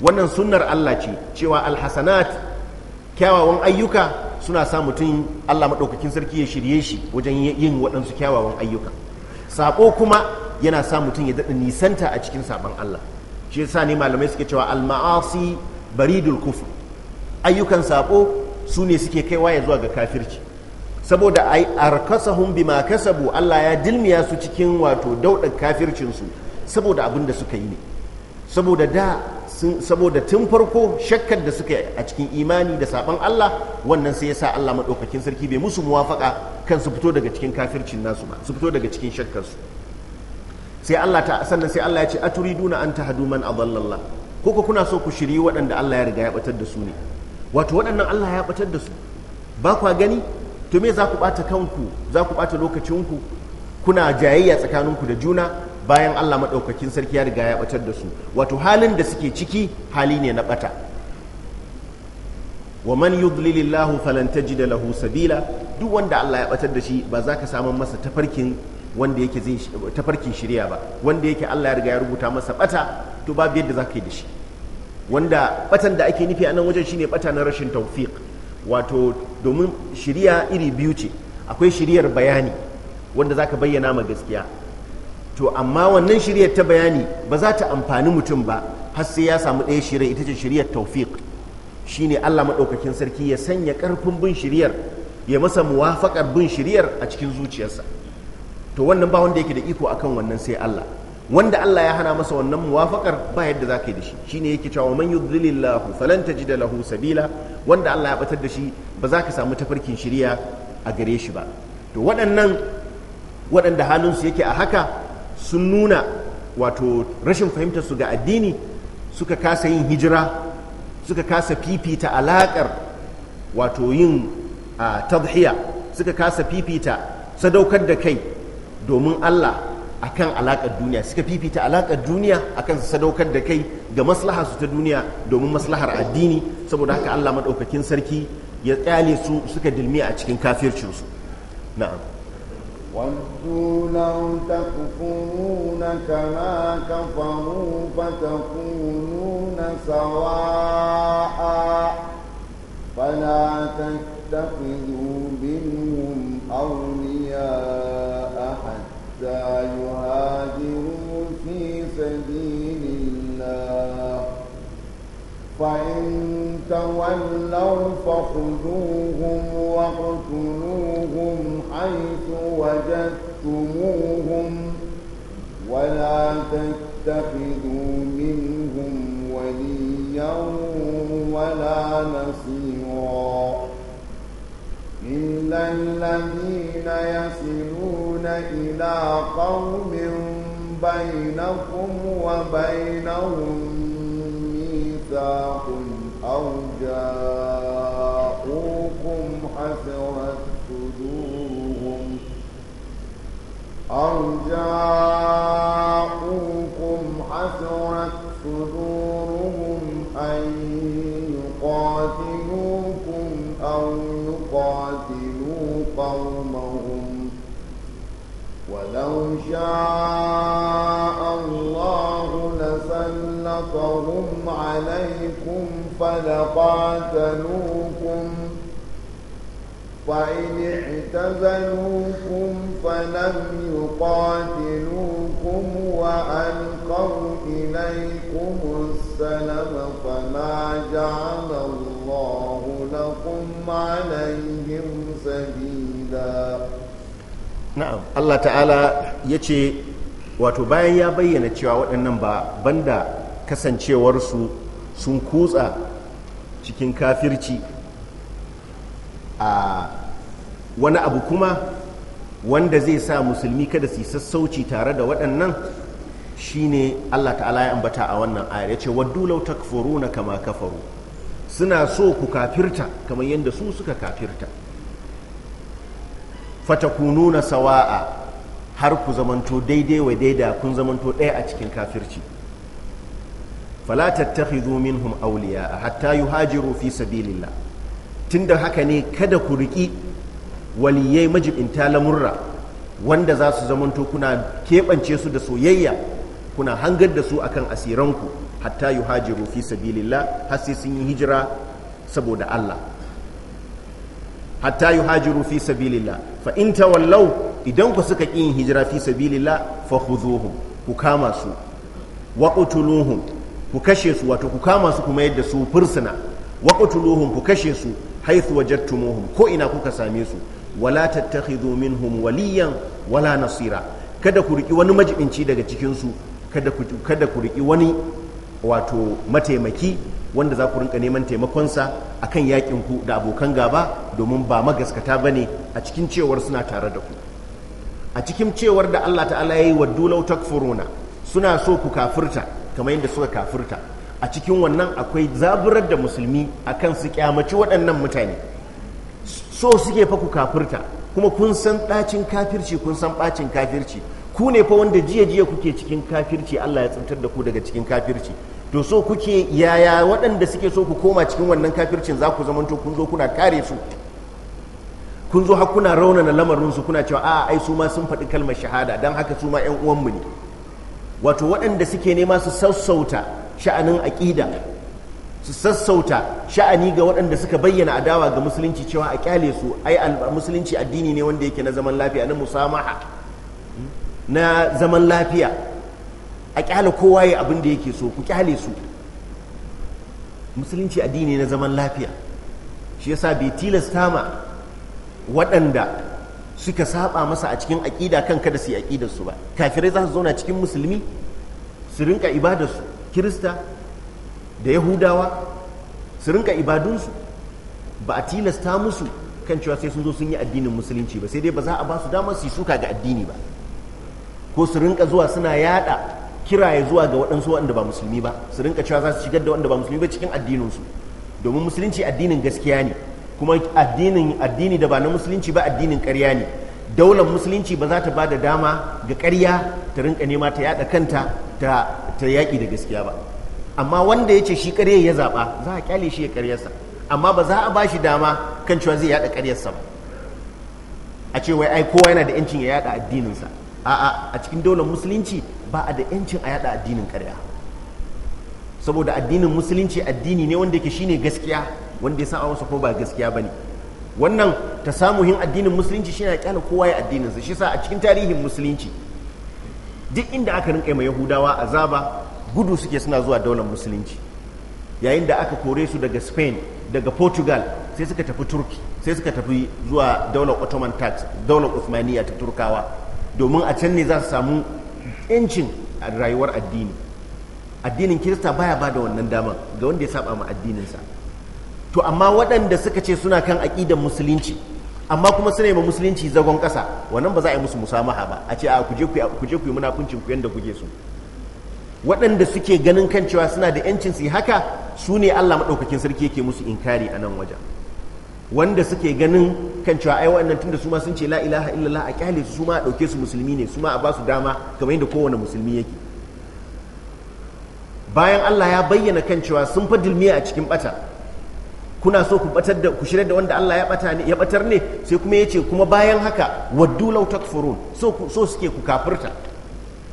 wannan sunnar Allah ce cewa alhasanat kyawawan ayyuka suna sa mutum Allah maɗaukakin sarki ya shirye shi wajen yin waɗansu kyawawan ayyuka saƙo kuma yana sa mutum ya daɗa nisanta a cikin sabon Allah shi yasa ne malamai suke cewa al baridul kufr ayyukan sabo su ne suke kaiwa ya zuwa ga kafirci saboda ai arkasahum bima kasabu Allah ya dilmiya su cikin wato daudar kafircinsu, su saboda abin da suka yi ne saboda da saboda tun farko shakkar da suka yi a cikin imani da sabon Allah wannan sai yasa Allah maɗaukakin sarki bai musu muwafaka kan su fito daga cikin kafircin nasu ba su fito daga cikin shakkar su sai Allah ta sannan sai Allah ya ce aturiduna an ta hadu man adallallah koko kuna so ku shiri waɗanda Allah ya riga ya batar da su ne wato waɗannan Allah ya batar da su ba kwa gani to me za ku bata kanku za ku ɓata lokacinku kuna jayayya tsakaninku da juna bayan Allah maɗaukakin sarki ya riga ya batar da su wato halin da suke ciki hali ne na bata, wa man yudlilillahu falan tajida lahu sabila duk wanda Allah ya batar da shi ba za ka samu masa tafarkin wanda yake zai tafarki shirya ba wanda yake Allah ya riga ya rubuta masa bata to babu yadda za yi da shi wanda batan da ake nufi a nan wajen shine bata na rashin tawfiq wato domin shirya iri biyu ce akwai shiryar bayani wanda zaka bayyana ma gaskiya to amma wannan shiryar ta bayani ba za ta amfani mutum ba har sai ya samu ɗaya shirya ita ce shiryar tawfiq shine Allah maɗaukakin sarki ya sanya ƙarfin bin shiryar ya masa muwafaƙar bin shiryar a cikin zuciyarsa to wannan ba wanda yake da iko akan wannan sai Allah wanda Allah ya hana masa wannan muwafaqar ba yadda zaka yi da shi shine yake cewa man yudlilillahu falan tajida lahu sabila wanda Allah ya batar da shi ba za ka samu tafarkin shiriya a gare shi ba to waɗannan waɗanda halin su yake a haka sun nuna wato rashin fahimtar su ga addini suka kasa yin hijira suka kasa fifita alaƙar wato yin ah, tadhiya suka kasa fifita sadaukar da kai domin Allah akan alakar duniya suka fifita alakar duniya akan su sadaukar da kai ga maslaha su ta duniya domin maslahar addini saboda haka Allah madaukakin sarki ya tsale su suka dilmi a cikin kafircin su na'am ta law takfuruna kama kafaru حتى يهاجروا في سبيل الله فإن تولوا فخذوهم واقتلوهم حيث وجدتموهم ولا تتخذوا منهم وليا ولا نصيرا إلا الذين يصلون إلى قوم بينكم وبينهم ميثاق أو جاءوكم حسرت صدورهم أو جاءوكم عليكم فلقاتلوكم فإن اعتزلوكم فلم يقاتلوكم وألقوا إليكم السلم فما جعل الله لكم عليهم سبيلا نعم الله تعالى يتي wato bayan ya bayyana cewa waɗannan ba banda kasancewarsu sun kutsa cikin kafirci a wani abu kuma wanda zai sa musulmi kada su yi sassauci tare da waɗannan shine Allah ta'ala ya ambata a wannan ayar ya ce waddu takfuruna kama kafaru suna so ku kafirta kamar yadda su suka kafirta fatakununa sawa'a har ku zamanto daidai wa daida kun zamanto ɗaya a cikin kafirci fala tattakhidhu minhum awliya hatta yuhajiru fi tun tunda haka ne kada ku riki waliyai majibinta lamurra wanda za su zamanto kuna keɓance su da soyayya kuna hangar da su akan asiranku hatta yuhajiru fi sabilillah har sai sun yi hijira saboda Allah hatta yuhajiru fi sabilillah fa in wallau idan ku suka ƙi yin hijira fi sabilillah fa khudhuhum ku kama su wa qutuluhum ku kashe su wato ku kama su kuma yadda su fursuna wa qutuluhum ku kashe su haythu wajadtumuhum ko ina kuka same su wala tattakhidhu minhum waliyan wala nasira kada ku riki wani majibinci daga cikin su kada ku kada ku riki wani wato mataimaki wanda za ku rinka neman taimakon sa akan yakin ku da abokan gaba domin ba magaskata ba ne a cikin cewar suna tare da ku a cikin cewar da allah ta'ala ya yi wa dulau takfuruna suna so ku kafirta kamar yadda suka kafirta a cikin wannan akwai zaburar da musulmi a kan su kyamaci waɗannan mutane so suke fa ku kafirta kuma kun san ɗacin kafirci kun san ɓacin kafirci ku ne fa wanda jiya jiya kuke cikin kafirci Allah ya tsintar da ku daga cikin kafirci to so kuke yaya waɗanda suke so ku koma cikin wannan kafircin za ku zamanto kun zo kuna kare su kun zo har kuna raunana lamarinsu kuna cewa a'a ai su ma sun faɗi kalmar shahada don haka su ma 'yan uwanmu ne wato waɗanda suke nema su sassauta sha'anin aƙida su sassauta sha'ani ga waɗanda suka bayyana adawa ga musulunci cewa a kyale su ai musulunci addini ne wanda yake na zaman lafiya na musamaha na zaman lafiya a kyale kowa ya abin da yake so ku kyale su musulunci addini na zaman lafiya shi yasa bai tilasta ma waɗanda suka saba masa a cikin aƙida kan kada su yi aƙidar su ba kafirai za su zauna cikin musulmi su rinka ibadarsu kirista da yahudawa su rinka ibadunsu ba a tilasta musu kan cewa sai sun zo sun yi addinin musulunci ba sai dai ba za a ba su damar su yi suka ga addini ba ko su rinka zuwa suna yada kiraye zuwa ga waɗansu waɗanda ba musulmi ba su rinka cewa za su shigar da waɗanda ba musulmi ba cikin addininsu domin musulunci addinin gaskiya ne kuma addinin addini da ba na musulunci ba addinin karya ne daular musulunci ba za ta ba da dama ga karya ta rinka nema ta yada kanta ta yaƙi da gaskiya ba amma wanda ya ce shi ƙarya ya zaɓa za a ƙyale shi ya ƙaryarsa amma ba za a ba shi dama kan cewa zai yada ƙaryarsa ba a ce wai ai kowa yana da yancin ya yada addininsa a'a a cikin daular musulunci ba a da yancin a yada addinin ƙarya saboda addinin musulunci addini ne wanda yake shine gaskiya wanda ya sa wasu ko ba gaskiya ba ne wannan ta tasamuhin addinin musulunci shi na kyala kowa ya addinin shi sa a cikin tarihin musulunci duk inda aka rinka mai yahudawa zaba gudu suke suna zuwa daular musulunci yayin da aka kore su daga spain daga portugal sai suka tafi turki sai suka tafi zuwa daular ottoman tax daular usmaniya ta turkawa domin a can ne za su samu yancin rayuwar addini addinin kirista baya ba da wannan damar ga wanda ya saba ma addininsa to amma waɗanda suka ce suna kan aƙidan musulunci amma kuma suna yi ma musulunci zagon ƙasa wannan ba za a yi musu musamaha ba a ce a ku je ku je ku yi ku yanda kuke so waɗanda suke ganin kan cewa suna da yancin su haka su ne Allah maɗaukakin sarki yake musu inkari a nan wajen wanda suke ganin kan cewa ai waɗannan tunda su ma sun ce la ilaha illallah a kyale su ma a ɗauke su musulmi ne su ma a ba su dama kamar yadda kowane musulmi yake bayan Allah ya bayyana kan cewa sun fa dulmiya a cikin bata kuna so ku batar da ku shirya da wanda Allah ya bata ne ya batar ne sai kuma yace kuma bayan haka waddu law takfurun so so suke ku kafirta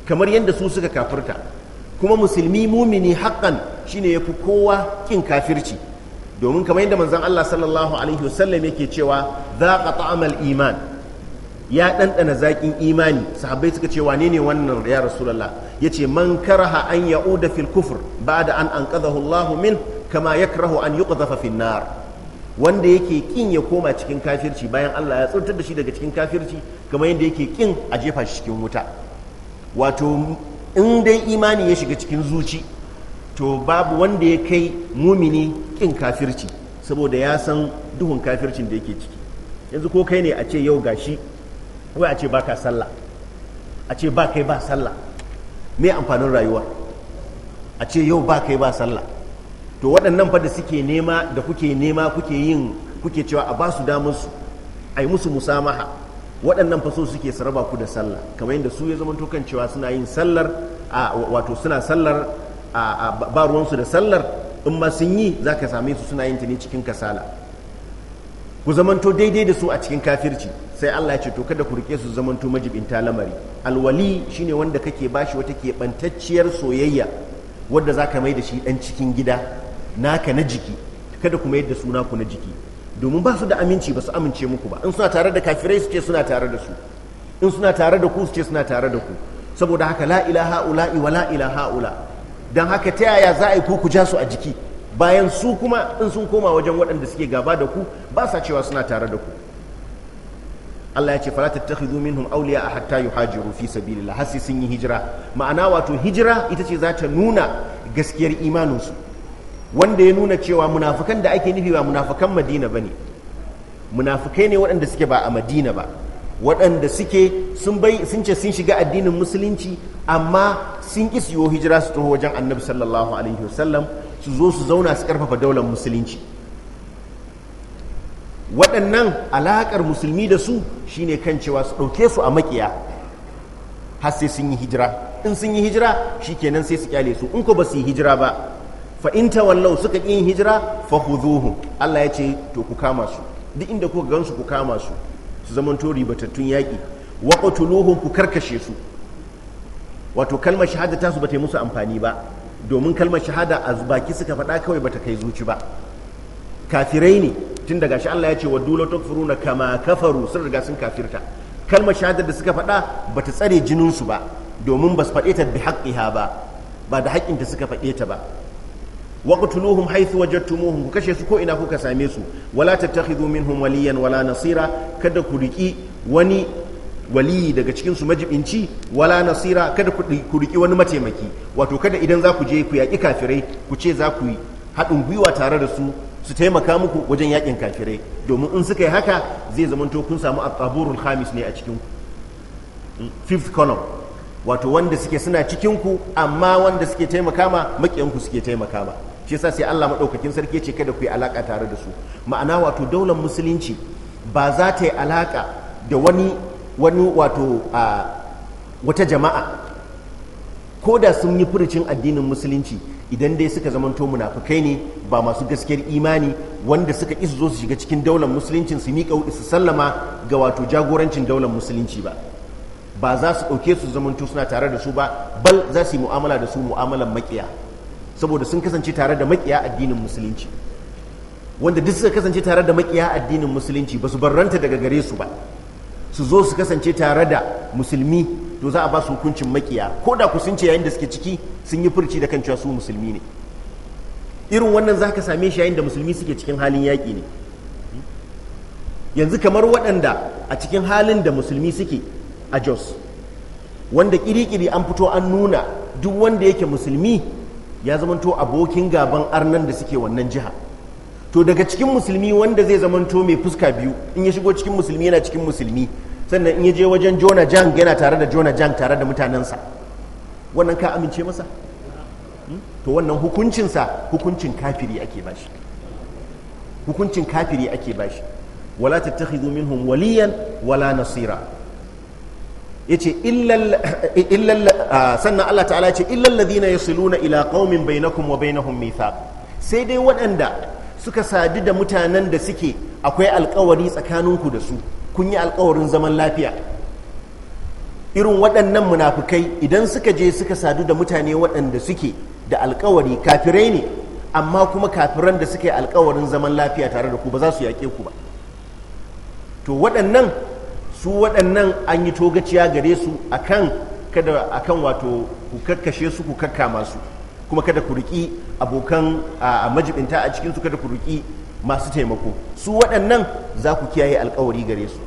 kamar yadda su suka kafirta kuma musulmi mumini haqqan shine yafi kowa kin kafirci domin kamar yadda manzon Allah sallallahu alaihi wasallam yake cewa zaqa ta'amal iman ya ɗanɗana zaƙin imani sahabbai suka ce wane ne wannan ya rasulullah yace man karaha an ya'uda fil kufr ba'da an anqadahu Allah min kama yakrahu an yi fi nar wanda yake kin ya koma cikin kafirci bayan Allah ya tsuntar da shi daga cikin kafirci kama yadda yake kin a jefa shi cikin wuta wato in dai imani ya shiga cikin zuci to babu wanda ya kai mumini kin kafirci saboda ya san duhun kafircin da yake ciki yanzu ko kai ne a ce yau gashi ko a ce ba ka sallah a ce ba kai ba sallah me amfanin rayuwa a ce yau ba kai ba sallah to waɗannan fa da suke nema da kuke nema kuke yin kuke cewa a ba su damar su ai musu musamaha waɗannan fa so suke su ku da sallah kamar yadda su ya zama kan cewa suna yin sallar a wato suna sallar a ba ruwansu da sallar in ma sun yi za ka same su suna yin ta ne cikin kasala ku zamanto daidai da su a cikin kafirci sai Allah ya ce to kada ku rike su zamanto majibinta lamari alwali shine wanda kake bashi wata keɓantacciyar soyayya wadda za ka mai da shi ɗan cikin gida naka na jiki kada kuma yadda suna ku na jiki domin ba su da aminci ba su amince muku ba in suna tare da kafirai su ce suna tare da su in suna tare da ku su ce suna tare da ku saboda haka la ilaha ula wa la ilaha ula dan haka ta yaya za a yi ku jasu a jiki bayan su kuma in sun koma wajen waɗanda suke gaba da ku ba sa cewa suna tare da ku Allah ya ce fala tattakhidhu minhum awliya hatta yuhajiru fi sabilillah har sai sun yi hijira ma'ana wato hijira ita ce za ta nuna gaskiyar imaninsu wanda ya nuna cewa munafukan da ake nufi ba munafukan madina ba ne munafukai ne waɗanda suke ba a madina ba waɗanda suke sun bai ce sun shiga addinin musulunci amma sun ƙi siyo hijira su taho wajen annabi sallallahu alaihi wasallam su zo su zauna su ƙarfafa daular musulunci waɗannan alaƙar musulmi da su shine kan cewa su ɗauke su a maƙiya har sai sun yi hijira in sun yi hijira kenan sai su kyale su in ko ba su yi hijira ba fa in tawallau suka yin hijira fa khudhuhum Allah ya ce to ku kama su duk inda kuka gansu ku kama su su zaman to ribatattun yaki wa qatuluhum ku karkashe su wato kalmar shahada ta su bata yi musu amfani ba domin kalmar shahada a baki suka faɗa kawai bata kai zuci ba kafirai ne tun daga shi Allah ya ce wa dula takfuruna kama kafaru sun riga sun kafirta kalmar shahada da suka faɗa bata tsare jininsu ba domin ba su faɗe ta bi haƙƙiha ba ba da haƙƙinta suka faɗe ta ba waqtuluhum wajen wajadtumuhum ku kashe su ko ina kuka same su wala tattakhidhu minhum waliyan wala nasira kada ku riki wani waliyi daga cikin su majibinci wala nasira kada ku riki wani mataimaki wato kada idan za ku je ku yaƙi kafirai ku ce za ku yi haɗin gwiwa tare da su su taimaka muku wajen yaƙin kafirai domin in suka yi haka zai zamanto kun samu a taburul khamis ne a cikin fifth column wato wanda suke suna cikin ku amma wanda suke taimaka ma makiyanku suke taimaka ma shi yasa sai Allah maɗaukakin sarki ya ce kada ku yi alaka tare da su ma'ana wato daular musulunci ba za ta yi alaka da wani wato a wata jama'a ko da sun yi furucin addinin musulunci idan dai suka zamanto munafukai ne ba masu gaskiyar imani wanda suka isa zo su shiga cikin daular musulunci su miƙa su sallama ga wato jagorancin daular musulunci ba ba za su ɗauke su zamanto suna tare da su ba bal za su yi mu'amala da su mu'amalan maƙiya saboda sun kasance tare da makiya addinin musulunci wanda duk suka kasance tare da makiya addinin musulunci ba su barranta daga gare su ba su zo su kasance tare da musulmi to za a ba su hukuncin makiya ko da ku sun ce yayin da suke ciki sun yi furci da kan cewa su musulmi ne irin wannan za ka same shi yayin da musulmi suke cikin halin yaƙi ne yanzu kamar waɗanda a cikin halin da musulmi suke a jos wanda ƙiri-ƙiri an fito an nuna duk wanda yake musulmi ya zamanto abokin gaban arnan da suke wannan jiha to daga cikin musulmi wanda zai zamanto mai fuska biyu in ya shigo cikin musulmi yana cikin musulmi sannan in ya je wajen jona jang yana tare da jona jang tare da mutanensa wannan ka amince masa hmm? to wannan hukuncinsa hukuncin kafiri ake bashi hukuncin kafiri ake bashi wala tattakhidhu minhum waliyan wala nasira yace illal ah, sannan Allah ta'ala ce illal ladina yasiluna ila qaumin bainakum wa bainahum mithaq sai dai waɗanda suka sadu da mutanen da suke akwai alkawari tsakaninku da su kun yi alkawarin zaman lafiya irin waɗannan munafukai idan suka je suka sadu da mutane waɗanda suke da alkawari kafirai ne amma kuma kafiran da suke alkawarin zaman lafiya tare da ku ba za su yaƙe ku ba to waɗannan su waɗannan an yi togaciya gare su kan kada kan wato ku kakkashe su ku kakka su kuma kada ku riƙi abokan a majibinta a cikin su kada ku riƙi masu taimako su waɗannan za ku kiyaye alkawari gare su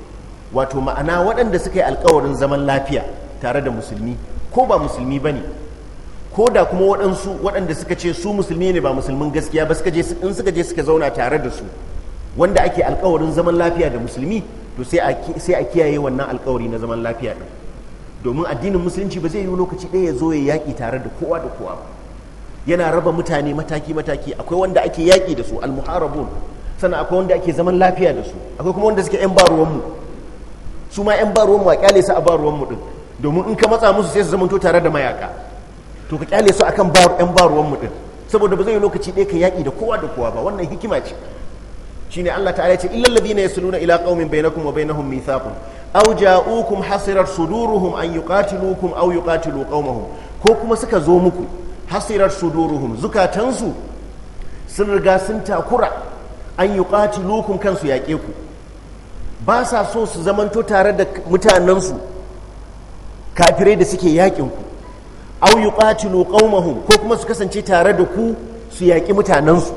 wato ma'ana waɗanda suka yi alkawarin zaman lafiya tare da musulmi ko ba musulmi ba ne ko da kuma waɗansu waɗanda suka ce su musulmi ne ba musulmin gaskiya ba in suka je suka zauna tare da su wanda ake alkawarin zaman lafiya da musulmi to sai a kiyaye wannan alkawari na zaman lafiya ɗin domin addinin musulunci ba zai yi lokaci ɗaya ya zo ya yaƙi tare da kowa da kowa ba yana raba mutane mataki-mataki akwai wanda ake yaƙi da su almuharabun sannan akwai wanda ake zaman lafiya da su akwai kuma wanda suke 'yan baruwanmu su ma 'yan baruwanmu a kyale su a baruwanmu ɗin domin in ka matsa musu sai su zamanto tare da mayaka to ka kyale su akan 'yan baruwanmu ɗin saboda ba zai yi lokaci ɗaya ka yaƙi da kowa da kowa ba wannan hikima ce shine Allah ta'ala ce illal ladina yasluna ila qaumin bainakum wa bainahum mithaqun aw ja'ukum hasirar suduruhum an yuqatilukum aw yuqatilu qaumahum ko kuma suka zo muku hasirar suduruhum zukatansu sun riga sun takura an yuqatilukum kansu yaƙe ku ba sa so su zamanto tare da mutanensu kafirai da suke yaƙin ku aw yuqatilu qaumahum ko kuma su kasance tare da ku su yaƙi mutanensu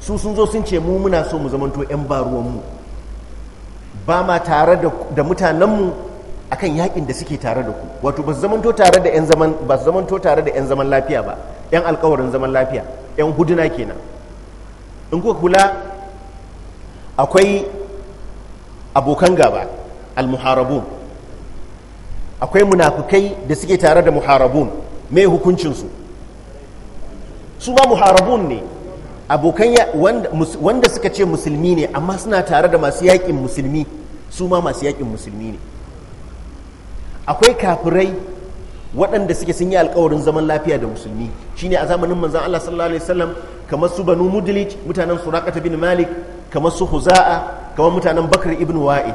su sun zo sun ce mu muna so mu zamanto 'yan baruwanmu ba ma tare da mutanenmu akan yakin da suke tare da ku wato ba zamanto tare da 'yan zaman ba zamanto tare da 'yan zaman lafiya ba 'yan alkawarin zaman lafiya 'yan huduna kenan in kuka kula akwai abokan gaba almuharabun akwai munafukai da suke tare da muharabun mai hukuncinsu su ma muharabun ne abokan wanda suka ce musulmi ne amma suna tare da masu yakin musulmi su ma masu yakin musulmi ne akwai kafirai waɗanda suke sun yi alkawarin zaman lafiya da musulmi shine a zamanin manzan Allah sallallahu alaihi wasallam kamar su banu mudlij mutanen suraqata bin malik kamar su huza'a kamar mutanen bakar ibn wa'il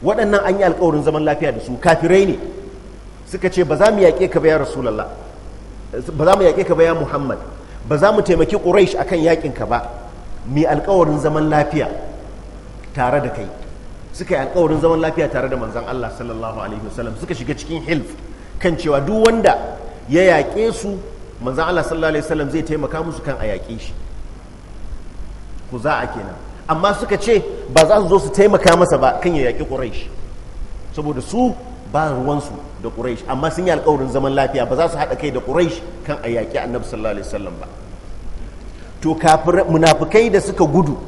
waɗannan an yi alkawarin zaman lafiya da su kafirai ne suka ce ba za mu yaƙe ka ba ya muhammad ba za mu taimaki ƙuraish akan yakin ka ba mai alkawarin zaman lafiya tare da kai suka yi alkawarin zaman lafiya tare da manzan Allah sallallahu alaihi wasallam suka shiga cikin hilf kan cewa duk wanda ya yaƙe su manzan Allah sallallahu alaihi wasallam zai taimaka musu kan a yaƙe shi ku za a kenan amma suka ce ba za su zo su taimaka masa ba kan ya yaƙi ƙuraish saboda su ba ruwansu da quraish amma sun yi alƙawarin zaman lafiya ba za su haɗa kai da quraish kan a yaƙi annabi sallallahu alaihi wasallam ba to kafir munafikai da suka gudu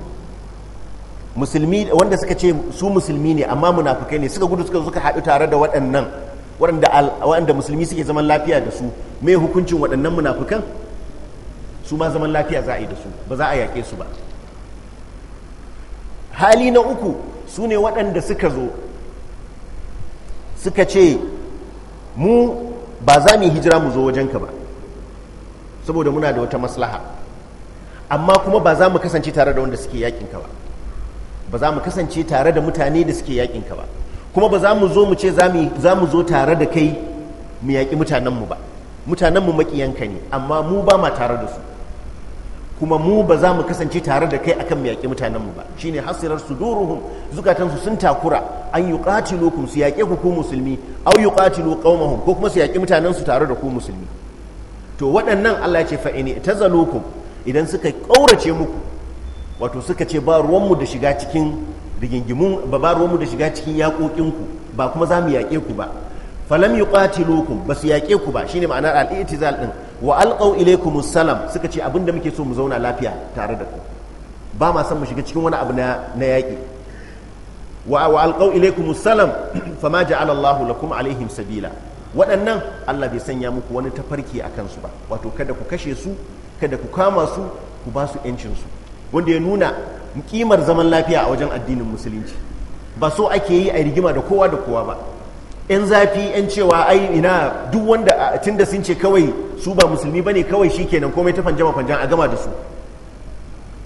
musulmi wanda suka ce su musulmi ne amma munafikai ne suka gudu suka suka haɗu tare da waɗannan waɗanda musulmi suke zaman lafiya da su me hukuncin waɗannan munafikan su ma zaman lafiya za a yi da su ba za a yaƙe su ba hali na uku su ne waɗanda suka zo suka ce mu ba za mu yi hijira mu zo wajenka ba saboda muna da wata maslaha amma kuma ba za mu kasance tare da wanda suke ka ba ba za mu kasance tare da mutane da suke ka ba kuma ba za mu zo mu ce za mu zo tare da kai mu yaƙi mutanenmu ba mutanenmu maƙiyanka ne amma mu ba ma tare da su kuma mu ba za mu kasance tare da kai akan yaƙi mutanenmu ba shine hasirar duruhum zukatansu sun takura an yuqatilukum su yaƙe ku ku musulmi aw yuqatilu qaumahum ko kuma su yaƙi mutanensu tare da ku musulmi to waɗannan Allah ya ce fa ini tazalukum idan suka ƙaurace muku wato suka ce ba ruwanmu da shiga cikin rigingimun ba ba ruwanmu da shiga cikin yaƙoƙinku ba kuma za mu yaƙe ku ba falam yuqatilukum ba su yaƙe ku ba shine ma'anar al-i'tizal din wa alƙau ilaikum salam suka ce abinda muke so mu zauna lafiya tare da ku ba ma son mu shiga cikin wani abu na yaƙi yaki wa alƙau ilaikum salam salam [CLEARS THROAT] ma ja'ala Allahu lakum alaihim sabila waɗannan Allah bai sanya muku wani tafarki a kansu ba wato kada ku kashe su kada ku kama su ku ba su yancin su wanda ya nuna kimar zaman lafiya a wajen addinin musulunci ba so ake yi a rigima da kowa da kowa ba 'yan zafi 'yan cewa ai ina duk wanda tun da sun ce kawai su ba musulmi ba ne kawai shi kenan komai ta fanjama fanjan a gama da su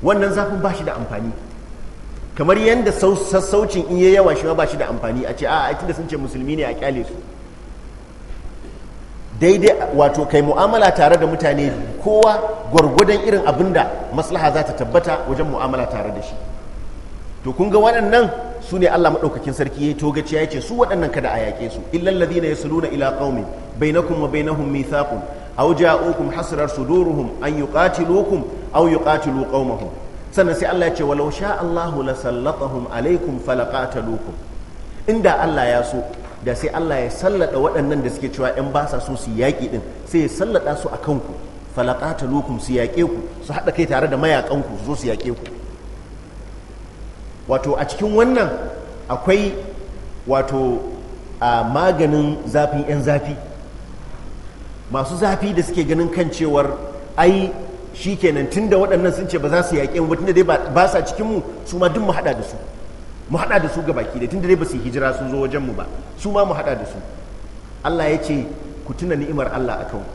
wannan zafin ba shi da amfani kamar yadda sassaucin in yi yawa shi ma ba shi da amfani a ce a tun da sun ce musulmi ne a kyale su daidai wato kai mu'amala tare da mutane kowa gwargwadon irin abin da maslaha za ta tabbata wajen mu'amala tare da shi to kun ga waɗannan su ne Allah maɗaukakin sarki ya yi togaci ya ce su waɗannan kada a yaƙe su illal ladina yasluna ila qaumin bainakum wa bainahum mithaqun aw ja'ukum hasrar suduruhum an yuqatilukum aw yuqatilu qaumahum sannan sai Allah ya ce walau sha Allahu la sallatahum alaikum falaqatalukum inda Allah ya so da sai Allah ya sallada waɗannan da suke cewa ‘yan basa so su yaƙi ɗin sai ya sallada su a kanku falakata su yaƙe ku su haɗa kai tare da mayakan su zo su yaƙe ku wato a cikin wannan akwai wato a maganin zafin 'yan zafi masu zafi da suke ganin kan cewar ai shi kenan tun da waɗannan sun ce ba za su yaƙi mu tun dai ba sa cikinmu su ma duk mu haɗa da su mu haɗa da su ga baki da tun da dai ba su hijira sun zo wajen mu ba su ma mu haɗa da su Allah ya ce ku tuna ni'imar Allah a kanku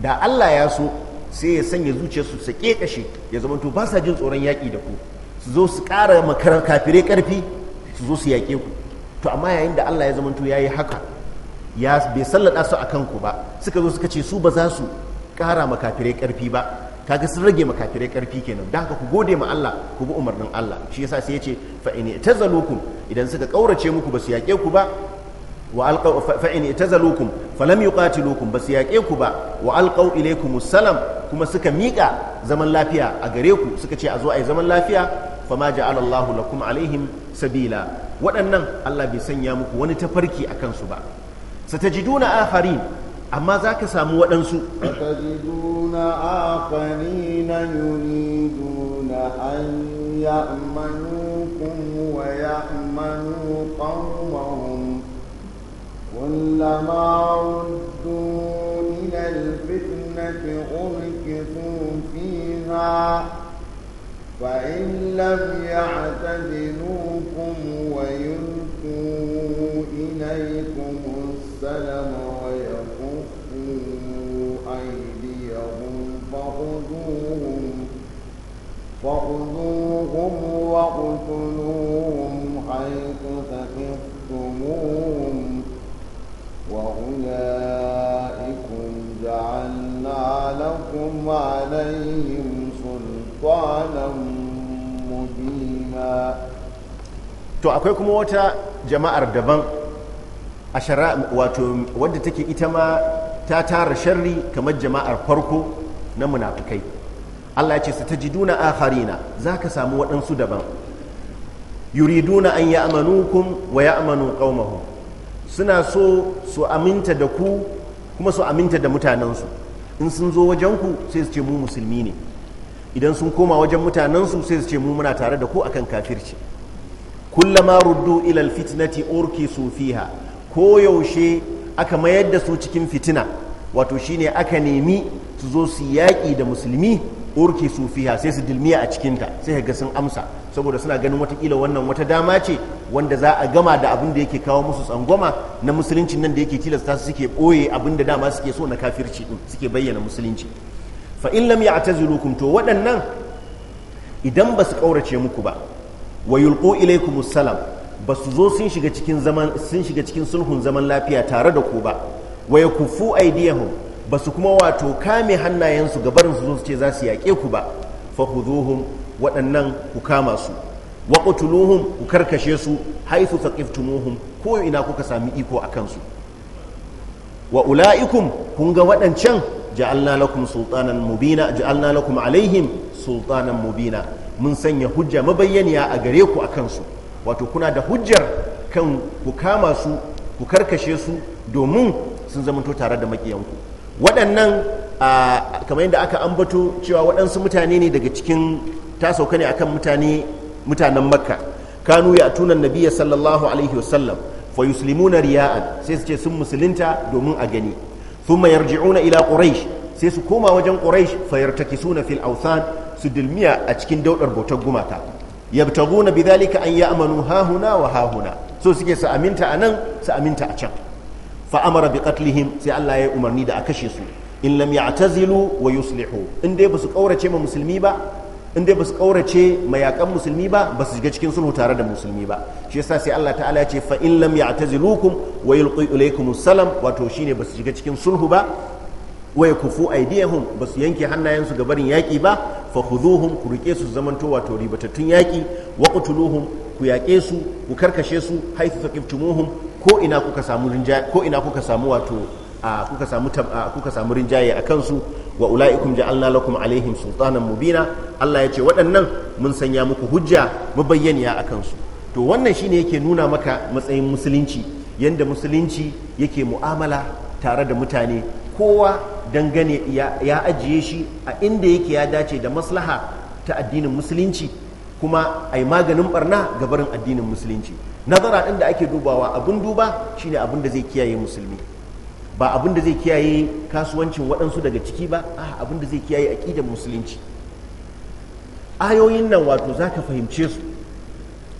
da Allah ya so sai ya sanya zuciyarsu su sake kashe ya zamanto ba sa jin tsoron yaƙi da ku su zo su ƙara kafirai karfi su zo su yaƙe ku to amma yayin da Allah ya zamanto ya yi haka ya bai sallada su a kanku ba suka zo suka ce su ba za su ƙara makafirai ƙarfi ba kaga sun rage makafirai karfi kenan don haka ku gode ma Allah ku bi umarnin Allah shi yasa sai ya ce fa in tazalukum idan suka kaurace muku ba su yaƙe ku ba wa lokum fa in itazalukum falam ba su yaƙe ku ba wa alqaw ilaykum salam kuma suka miƙa zaman lafiya a gare ku suka ce a zo a yi zaman lafiya fama ja'ala Allahu lakum alaihim sabila waɗannan Allah bai sanya muku wani tafarki a kansu ba duna akharin amma za ka samu waɗansu satajiduna an ya'manukum wa ya'manu كلما ردوا إلى الفتنة أركضوا فيها فإن لم يعتدلوكم ويلقوا إليكم السلم ويكفوا أيديهم فخذوهم فخذوهم واقتلوهم حيث ثقفتموهم أبنائكم جعلنا لكم عليهم سلطانا مبينا to akwai kuma wata jama'ar daban a shari'a wato wadda take ita ma ta tara sharri kamar jama'ar farko na munafukai Allah ya ce su tajiduna akharina za ka samu waɗansu daban yuriduna an ya'manukum wa ya'manu qaumahum suna so su aminta da ku kuma su aminta da mutanensu in sun zo wajenku sai su ce mu musulmi ne idan sun koma wajen mutanensu sai su ce mu muna tare da ku akan kafirci kullama ruddu ilal fitnati urki su fiha ko yaushe aka mayar da su cikin fitina wato shine aka nemi su zo su yaƙi da musulmi urki sufiya sai su dilmiya a cikinta sai ga sun amsa saboda suna ganin watakila wannan wata dama ce wanda za a gama da abin da yake kawo musu tsangwama na musulunci nan da yake tilasta su suke ɓoye abin da dama suke so na kafirci din suke bayyana musulunci fa in lam ya'tazilukum to waɗannan idan ba su ƙaurace muku ba wa yulqu ilaykumus ba su zo sun shiga cikin sulhun zaman lafiya tare da ku ba wa yakufu aydiyahum ba su kuma wato kame hannayensu ga su zo su ce za su yaƙe ku ba fahuzuhun waɗannan ku kama su wa ku karkashe su haythu thaqiftumuhum ko ina kuka sami iko a kansu wa ulaikum kun ga waɗancan ja'alna lakum sultanan mubina ja'alna lakum alaihim sultanan mubina mun sanya hujja mabayyaniya a gare ku a kansu wato kuna da hujjar kan ku kama su ku karkashe su domin sun zamanto tare da makiyanku waɗannan kamar yadda aka ambato cewa waɗansu mutane ne daga cikin ta sauka ne akan mutane mutanen makka kanu ya tunan nabiya sallallahu alaihi wasallam fa yuslimuna riya'an sai su ce sun musulunta domin a gani thumma yarji'una ila quraish sai su koma wajen quraish fa yartakisuna fil awthan su dilmiya a cikin daudar bautar gumaka yabtaguna bidhalika an ya'manu hahuna wa hahuna so suke su aminta anan su aminta a can fa'amara bi qatlihim sai Allah ya yi umarni da a kashe su in lam ya'tazilu wa yuslihu in dai basu kaurace ma musulmi ba in dai basu kaurace mayakan musulmi ba basu shiga cikin sulhu tare da musulmi ba shi yasa sai Allah ta'ala ya ce fa in lam ya'tazilukum wa yulqi salam wato shine basu shiga cikin sulhu ba wa yakufu aydiyahum basu yanke hannayensu ga barin yaki ba fa khudhuhum ku rike su zamanto wato ribatattun yaki wa qutuluhum ku yaƙe su ku karkashe su haithu thaqaftumuhum ko ina kuka samu rinjaye wato kuka samu kuka samu rinjaye a kansu wa ulaikum ja'alna lakum alaihim sultanan mubina Allah ya ce waɗannan mun sanya muku hujja mu bayyana a kansu to wannan shine yake nuna maka matsayin musulunci yanda musulunci yake mu'amala tare da mutane kowa dangane ya ajiye shi a inda yake ya dace da maslaha ta addinin musulunci kuma a yi maganin barna ga barin addinin musulunci nazara ɗin da ake dubawa abin duba shine abin da zai kiyaye musulmi ba abin da zai kiyaye kasuwancin waɗansu daga ciki ba a abin da zai kiyaye aƙidar musulunci ayoyin nan wato za ka fahimce su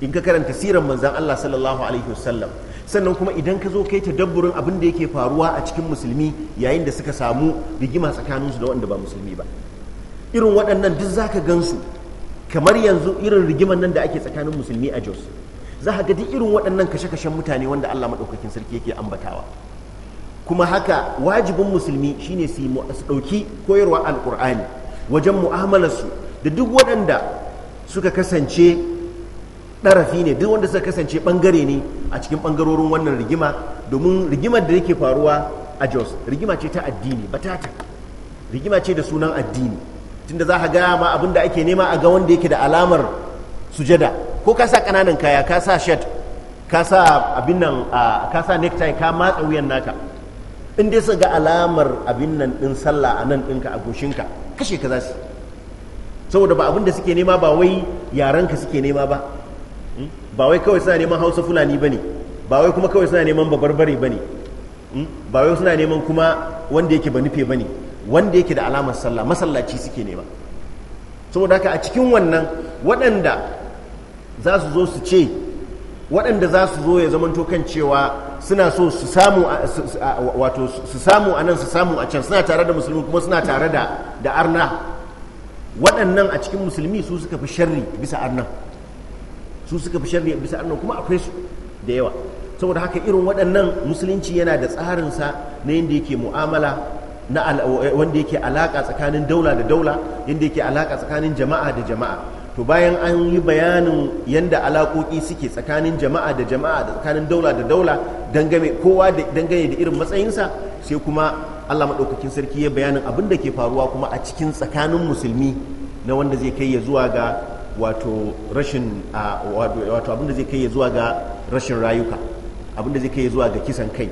in ka karanta siran manzan Allah sallallahu alaihi wasallam sannan kuma idan ka zo kai tadabburin abin da yake faruwa a cikin musulmi yayin da suka samu rigima tsakaninsu da wanda ba musulmi ba irin waɗannan duk za ka gansu kamar yanzu irin rigiman nan da ake tsakanin musulmi a jos za ka duk irin waɗannan kashe-kashen mutane wanda allah maɗaukakin sarki yake ambatawa kuma haka wajibin musulmi shine su ɗauki koyarwa alƙur'ani wajen mu'amalarsu da duk waɗanda suka kasance ɗarafi ne duk wanda suka kasance ɓangare ne a cikin ɓangarorin wannan rigima domin rigimar da yake faruwa a jos rigima ce ta addini batata rigima ce da sunan addini tunda za ka gaya ma abin da ake nema a ga wanda yake da alamar sujada ko ka sa ƙananan kaya ka sa shirt ka sa abin nan ka sa necktie ka matsa wuyan naka in dai su ga alamar abin nan ɗin sallah a nan ɗinka a goshinka kashe ka za su saboda ba abin da suke nema ba wai yaranka suke nema ba hmm? ba wai kawai suna neman hausa fulani ba ne ba wai kuma kawai suna neman babarbare ba ne hmm? ba wai suna neman kuma wanda yake ba nufe ba ne wanda yake da alamar sallah masallaci suke nema saboda haka a cikin wannan waɗanda za su zo su ce waɗanda za su zo ya zamanto kan cewa suna so su samu wato su samu a nan su samu a can suna tare da musulmi kuma suna tare da da arna waɗannan a cikin musulmi su suka fi sharri bisa arna su suka fi sharri bisa arna kuma akwai su da yawa saboda haka irin waɗannan musulunci yana da tsarinsa na yadda yake mu'amala na wanda yake alaka tsakanin daula da daula yanda yake alaka tsakanin jama'a da jama'a to bayan an yi bayanin yanda alakoki suke tsakanin jama'a da jama'a da tsakanin daula da daula dangane kowa dangane da irin matsayinsa sai kuma Allah maɗaukakin sarki ya bayanin abin da ke faruwa kuma a cikin tsakanin musulmi na wanda zai kai ya zuwa ga wato rashin wato abin da zai kai ya zuwa ga rashin rayuka abin da zai kai ya zuwa ga kisan kai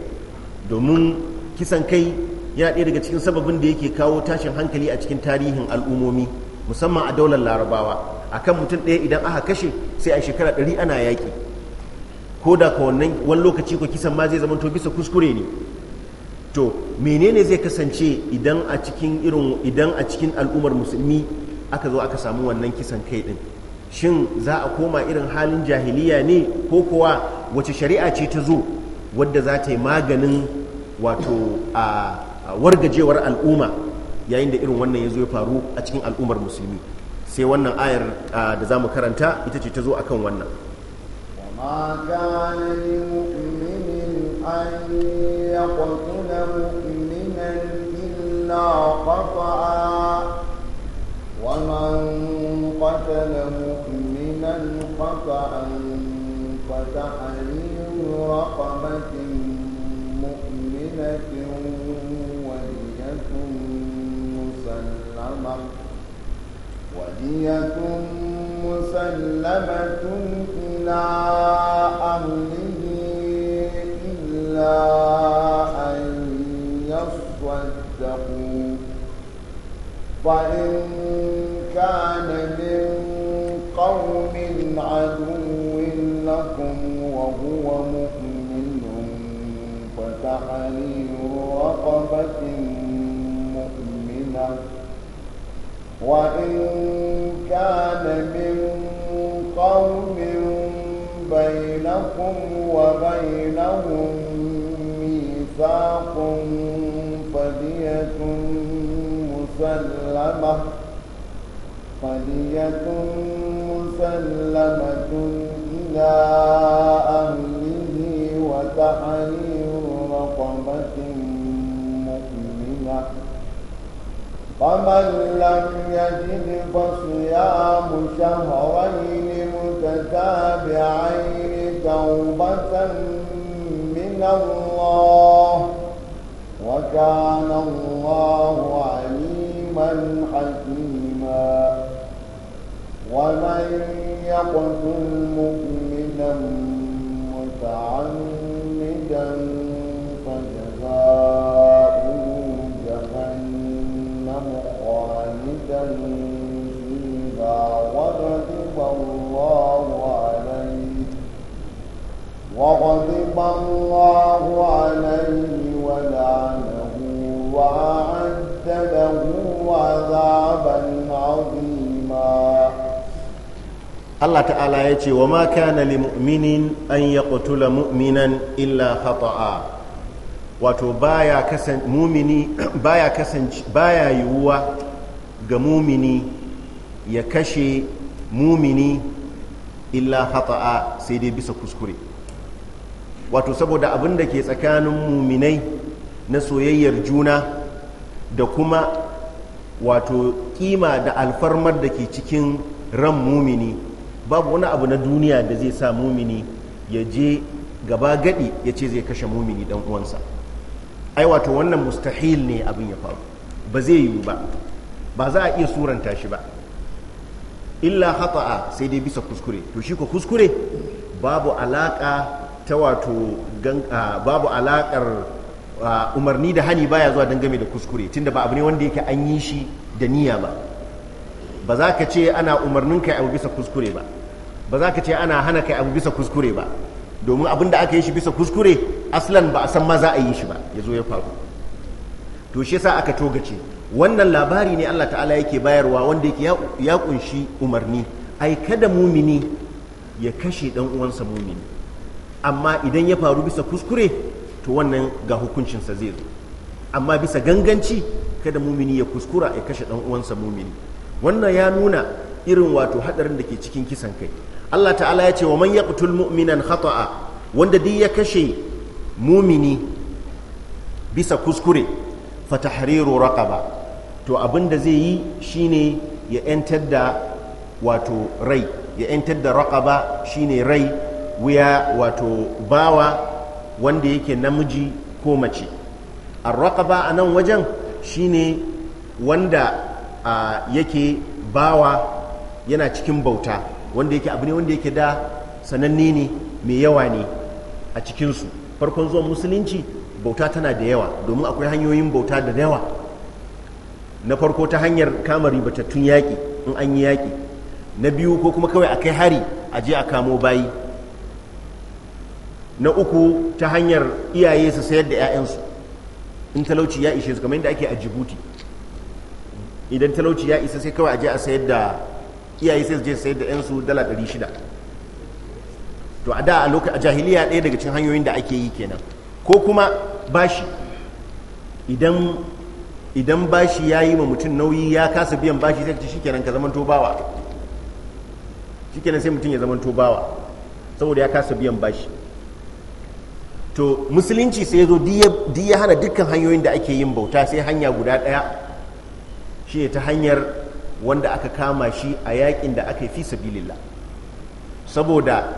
domin kisan kai yana ɗaya daga cikin sababin da yake kawo tashin hankali a cikin tarihin al'ummomi musamman a daular larabawa akan mutum ɗaya idan aka kashe sai a shekara ɗari ana yaƙi ko da ka wannan wani lokaci ko kisan ma zai zama to bisa kuskure ne to menene zai kasance idan a cikin irin idan a cikin al'ummar musulmi aka zo aka samu wannan kisan kai ɗin shin za a koma irin halin jahiliya ne ko kuwa wace shari'a ce ta zo wadda za ta yi maganin wato a wargajewar al'umma yayin da irin wannan ya zo ya faru a cikin al'ummar musulmi sai wannan ayar da za mu karanta ita ce ta zo a kan wannan وما كان لمؤمن أن رقبة الأرض ودية مسلمة إلى أهله إلا أن يصدقوا فإن كان من قوم عدو لكم وهو مؤمن فتحرير رقبة مؤمنة وإن كان من قوم بينكم وبينهم ميثاق فدية مسلمة فدية مسلمة إلى أهله وتحريم فمن لم يجد فصيام شهرين متتابعين توبة من الله وكان الله عليما حكيما ومن يقتل مؤمنا متعمدا وغضب الله عليه ولعنه وأعد عذابا عظيما Allah ta'ala ya ce wa ma kana li an ya illa wato baya kasan mumini baya kasan baya yiwuwa ga mumini ya kashe mumini illa khata'a sai dai bisa kuskure wato saboda abin da ke tsakanin muminai na soyayyar juna da kuma wato kima da alfarmar da ke cikin ran mumini babu wani abu na duniya da zai sa mumini ya je gaba gadi ya ce zai kashe mumini dan uwansa ai wato wannan mustahil ne abin ya faru ba zai yiwu ba ba za a iya suranta shi ba illa hata'a sai dai bisa kuskure to shi ko kuskure babu alaka ta wato babu alakar umarni da hani baya zuwa dangane da kuskure tunda ba abu ne wanda yake an yi shi da niyya ba ba za ka ce ana umarnin kai abu bisa kuskure ba ba za ka ce ana hana kai abu bisa kuskure ba domin abin da aka yi shi bisa kuskure aslan ba a san ma za a yi shi ba ya zo ya faru to shi sa aka togace wannan labari ne Allah ta'ala yake bayarwa wanda yake ya kunshi umarni ai kada mumini ya kashe dan uwansa mumini amma idan ya faru bisa kuskure to wannan ga hukuncinsa zai zo amma bisa ganganci kada mumini ya kuskura ya kashe dan uwansa mumini wannan ya nuna irin wato hadarin da ke cikin kisan kai Allah ta'ala ya ce wa man yaqtul mu'minan khata'a wanda duk ya kashe mumini bisa kuskure fa tahriru raqaba to abin da zai yi shine ya yantar da wato rai ya yantar da raqaba shine rai wuya wato bawa wanda yake namiji ko mace arraqaba a nan wajen shine wanda yake bawa yana cikin bauta wanda yake abu ne wanda yake da sananne ne mai yawa ne a cikinsu farkon zuwan musulunci bauta tana da yawa domin akwai hanyoyin bauta da yawa na farko ta hanyar kama ribatattun yaƙi in an yi yaƙi na biyu ko kuma kawai a kai hari a je a kamo bayi na uku ta hanyar iyaye su sayar da 'ya'yansu in talauci ya ishe su kamar yadda ake a jibuti idan talauci ya isa sai kawai a je a sayar da iyaye sai su je sayar da 'yansu dala 600 to a da a lokacin a jahiliya ɗaya daga cikin hanyoyin da ake yi kenan ko kuma bashi idan idan bashi ya yi ma mutum nauyi ya kasa biyan bashi sai shi kenan ka bawa shi shikenan sai mutum ya zamanto bawa saboda ya kasa biyan bashi to musulunci sai zo duk ya hana dukkan hanyoyin da ake yin bauta sai hanya guda ɗaya shi ta hanyar wanda aka kama shi a yakin da aka yi fi sabilillah saboda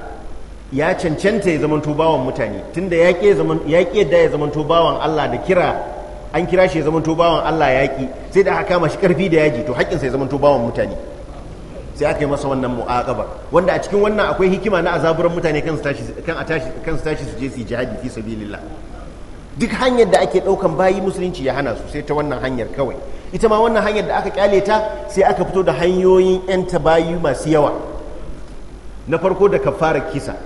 ya cancanta ya zamanto bawan mutane tunda yaƙi da ya zamanto bawan Allah da kira an kira shi ya zamanto bawan Allah yaƙi sai da aka kama shi ƙarfi da yaji to haƙƙinsa ya zamanto bawan mutane sai aka yi masa wannan mu'aqaba wanda a cikin wannan akwai hikima na azaburan mutane kan su tashi kan a kan su tashi su je su jihadi fi sabilillah duk hanyar da ake daukan bayi musulunci ya hana su sai ta wannan hanyar kawai ita ma wannan hanyar da aka kyale ta sai aka fito da hanyoyin yan ta bayi masu yawa na farko da kafarar kisa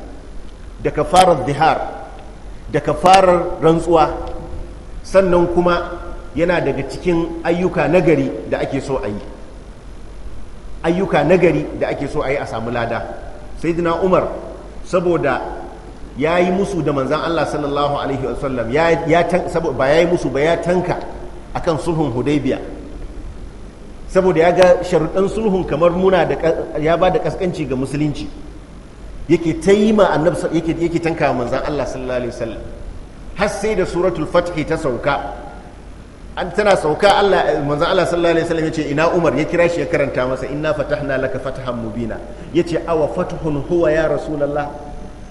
da kafarar zihar da kafarar rantsuwa sannan kuma yana daga cikin ayyuka nagari da ake so a yi ayyuka nagari da ake so a yi a samu lada sayyidina umar saboda ya yi musu da manzan allah sallallahu alaihi wasallam ba ya yi musu ba ya tanka a kan sulhun hudaybiya saboda ya ga sharuɗan sulhun kamar muna da ya ba da kaskanci ga musulunci yake ta yi ma annabi yake tanka manzan allah sallallahu alaihi wasallam har sai da suratul fathi ta sauka an tana sauka Allah manzon Allah sallallahu alaihi wasallam yace ina Umar ya kira shi ya karanta masa inna fatahna laka fatahan mubina yace awa fatuhun huwa ya rasulullah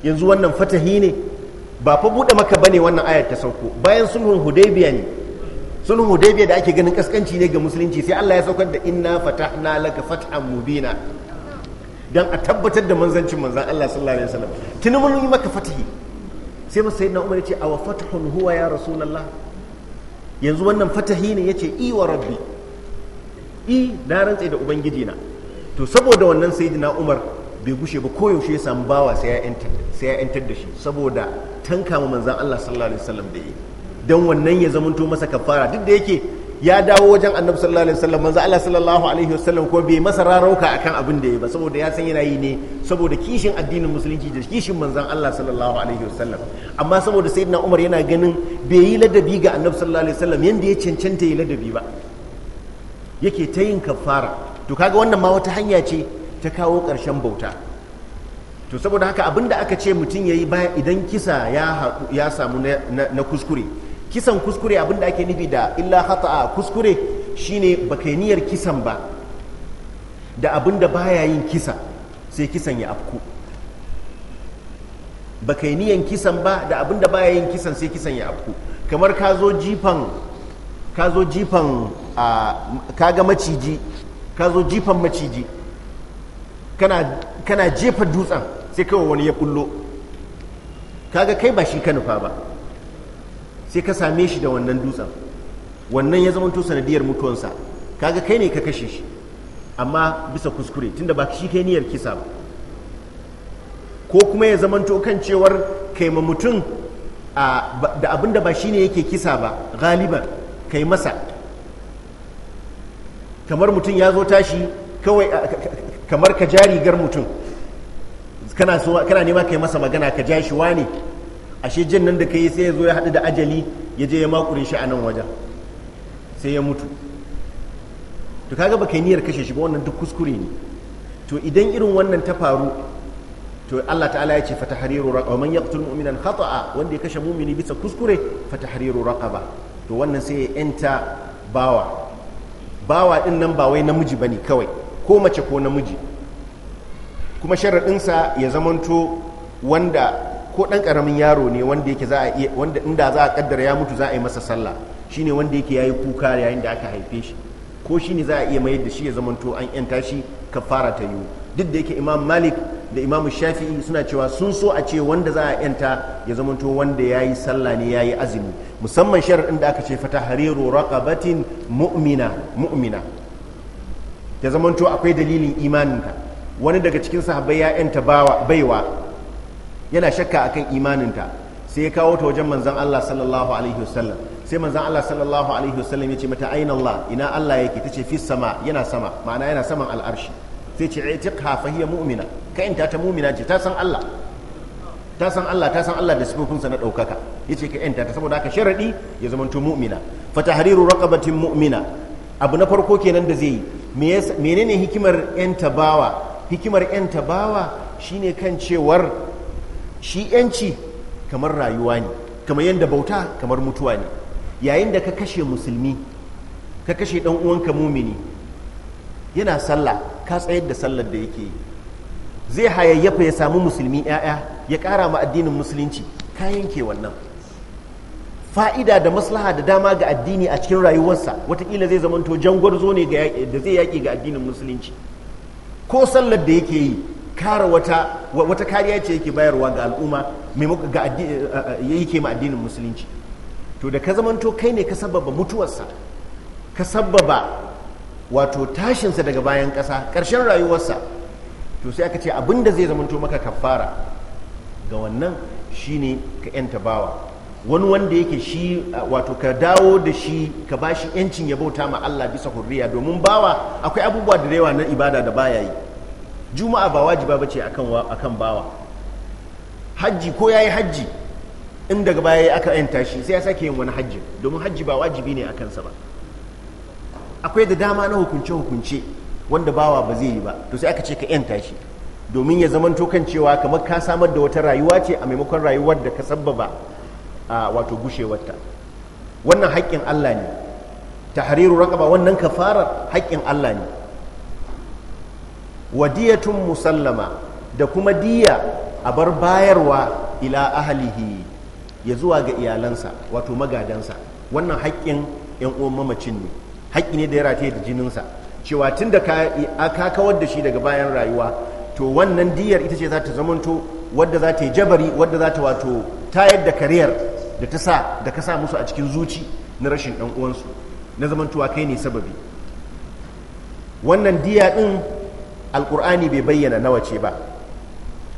yanzu wannan fatahi ne ba fa bude maka bane wannan ayar ta sauko bayan sulhun hudaybiya ne sulhun hudaybiya da ake ganin kaskanci ne ga musulunci sai Allah ya saukar da inna fatahna laka fatahan mubina dan a tabbatar da manzancin manzon Allah sallallahu alaihi wasallam tuni mun yi maka fatahi sai masa Umar yace awa fatahun huwa ya rasulullah yanzu wannan fatahi ne yace i wa rabbi i na rantse da ubangiji na to saboda wannan na umar bai gushe ba koyaushe ya samu bawa sai ya yantar da shi saboda tanka ma manzan Allah sallallahu alaihi wasallam da yi don wannan ya zamanto masa kafara duk da yake ya dawo wajen annabi sallallahu alaihi wasallam manzo Allah sallallahu alaihi wasallam ko bai masa rarauka akan abin da ya ba saboda ya san yana yi ne saboda kishin addinin musulunci da kishin manzon Allah sallallahu alaihi wasallam amma saboda sayyidina Umar yana ganin bai yi ladabi ga annabi sallallahu alaihi wasallam yanda ya cancanta yi ladabi ba yake ta yin kafara to kaga wannan ma wata hanya ce ta kawo karshen bauta to saboda haka abinda aka ce mutum yayi yi idan kisa ya samu na kuskure kisan kuskure abinda ake nufi da illa a kuskure shine baka yi niyyar kisan ba da abinda baya yin kisa sai kisan ya afku baka yi niyyar kisan ba da abinda baya yin kisan sai kisan ya afku kamar ka zo jifan ka zo jifan ka ga maciji ka zo jifan maciji kana jefa dutsen sai kawai wani ya kullo kaga kai ba shi ka nufa ba sai ka same shi da wannan dutsen wannan ya zama sanadiyar mutuwansa kaga kai ne ka kashe shi amma bisa kuskure tunda ba shi kai niyyar kisa ba ko kuma ya zama kan cewar kai ma mutum da abin da ba shi ne yake kisa ba galiban kai masa kamar mutum ya zo tashi kawai kamar ka jari gar mutum kana nema kai masa magana ka ja shi wane ashe jin nan da ka yi sai ya zo ya haɗu da ajali ya je ya makure shi a nan wajen sai ya mutu to kaga baka yi niyyar kashe shi ba wannan duk kuskure ne to idan irin wannan ta faru to Allah ta'ala ya ce fa tahriru raqaba man yaqtul mu'minan khata'a wanda ya kashe mu'mini bisa kuskure fa tahriru raqaba to wannan sai ya enta bawa bawa din nan ba wai namiji bane kawai ko mace ko namiji kuma sharaɗinsa ya zamanto wanda ko ɗan ƙaramin yaro ne wanda yake za a iya wanda inda za a ƙaddara ya mutu za a yi masa sallah shine wanda yake yayi kuka yayin da aka haife shi ko shine za a iya mayar da shi ya zamanto an yanta shi kafara ta yiwu duk da yake imam malik da imam shafi'i suna cewa sun so a ce wanda za a yanta ya zamanto wanda ya yi sallah ne ya yi azumi musamman sharaɗin inda aka ce fata hariru raqabatin mu'mina mu'mina ya zamanto akwai dalilin imaninka wani daga cikin sahabbai ya yanta baiwa yana shakka akan imaninta sai ya kawo ta wajen manzan Allah sallallahu alaihi wasallam sai manzan Allah sallallahu alaihi wasallam ya ce mata aina Allah ina Allah yake ce fi sama yana sama ma'ana yana saman al'arshi sai ce itiqha fa hiya mu'mina kain ta ta mu'mina ce ta san Allah ta san Allah ta san Allah da sifofinsa na ɗaukaka ya ce ka yanta ta saboda haka sharaɗi ya zamanto mu'mina fatahariru raqabatin mu'mina abu na farko kenan da zai yi menene hikimar yanta bawa hikimar yanta bawa shine kan cewar shi yanci kamar rayuwa ne kamar yadda bauta kamar mutuwa ne yayin da ka kashe musulmi ka kashe dan uwanka mumini yana sallah ka tsayar da sallar da yake yi zai hayayyafa ya samu musulmi ya'ya ya kara ma addinin musulunci ka yanke wannan fa'ida da maslaha da dama ga addini a cikin rayuwarsa watakila zai zamanto zo ne da zai yaƙi ga addinin musulunci ko sallar da yake yi kara wata wata kariya ce yake bayarwa ga al'umma maimakon ga eh, eh, eh, yake ma addinin musulunci to da ka zamanto kai ne ka sababa mutuwarsa ka sababa wato tashinsa daga bayan ƙasa ƙarshen rayuwarsa to sai aka ce abin da zai zamanto maka kafara ga wannan shine ka yanta bawa wani wanda yake shi wato ka dawo da shi ka ba shi yancin ya bauta ma Allah bisa hurriya domin bawa akwai abubuwa da yawa na ibada da baya yi juma'a ba wajiba bace akan akan bawa hajji ko ya yi hajji in daga baya aka yin tashi sai ya sake yin wani hajji domin hajji ba wajibi ne akan sa ba akwai da dama na hukunce hukunce wanda bawa ba zai yi ba to sai aka ce ka yin tashi, domin ya zaman kan cewa kamar ka samar da wata rayuwa ce a maimakon rayuwar da ka sabbaba a wato gushewarta wannan haƙƙin Allah ne tahriru raqaba wannan kafarar haƙƙin Allah ne wadiyatun musallama da kuma diya a bar bayarwa ila ahalihi ya zuwa ga iyalansa wato magadansa wannan haƙƙin 'yan uwan mamacin ne haƙƙi ne da ya rataye da jininsa cewa tun da ka kawar da shi daga bayan rayuwa to wannan diyar ita ce za ta zamanto wadda za ta yi jabari wadda za ta wato tayar da kariyar da ta sa da ka sa musu a cikin zuci na rashin ɗan uwansu na zamantowa kai ne sababi wannan diya ɗin alkur'ani bai bayyana nawa ce ba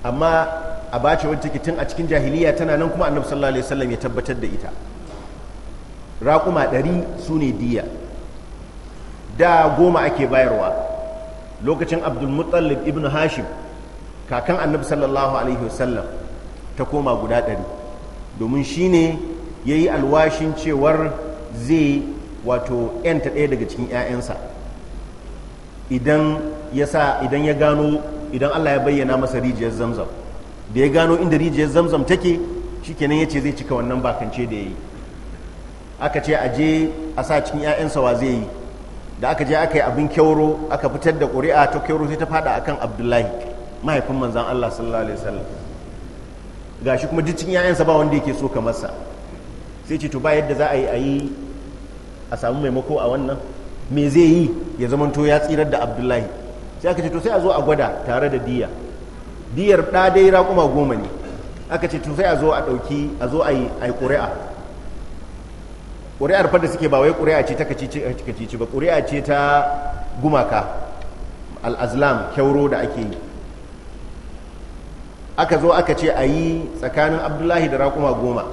amma a bace wadda take tun a cikin jahiliya tana nan kuma annabi sallallahu alaihi wasallam ya tabbatar da ita raƙuma ɗari sune ne diya da goma ake bayarwa lokacin abdulmutallib ibn hashim kakan annabi sallallahu alaihi wasallam ta koma guda ɗari domin shi ne ya yi alwashin cewar zai wato 'yanta ɗaya daga cikin 'ya'yansa idan yasa idan ya gano idan Allah ya bayyana masa rijiyar zamzam da ya gano inda rijiyar zamzam take shikenan ya ce zai cika wannan bakance da ya yi aka ce a je a sa cikin 'ya'yansa wa zai yi da aka je aka yi abin kyauro aka fitar da ƙuri'a ta kyauro sai ta fada akan abdullahi mahaifin manzan allah sallallahu alaihi wasallam gashi kuma duk cikin 'ya'yansa ba wanda yake so kamar sa sai ce to ba yadda za a yi a yi maimako a wannan me zai yi ya zamanto ya tsirar da abdullahi sai aka ce to sai a zo a gwada tare da diya diyar ɗa dai raƙuma goma ne aka ce to sai a zo a ɗauki a zo a yi ƙuri'a ƙuri'ar fadda suke ba wai ƙuri'a ce ta kacici ba ƙuri'a ce ta gumaka al'azlam kyauro da ake yi aka zo aka ce a yi tsakanin abdullahi da raƙuma goma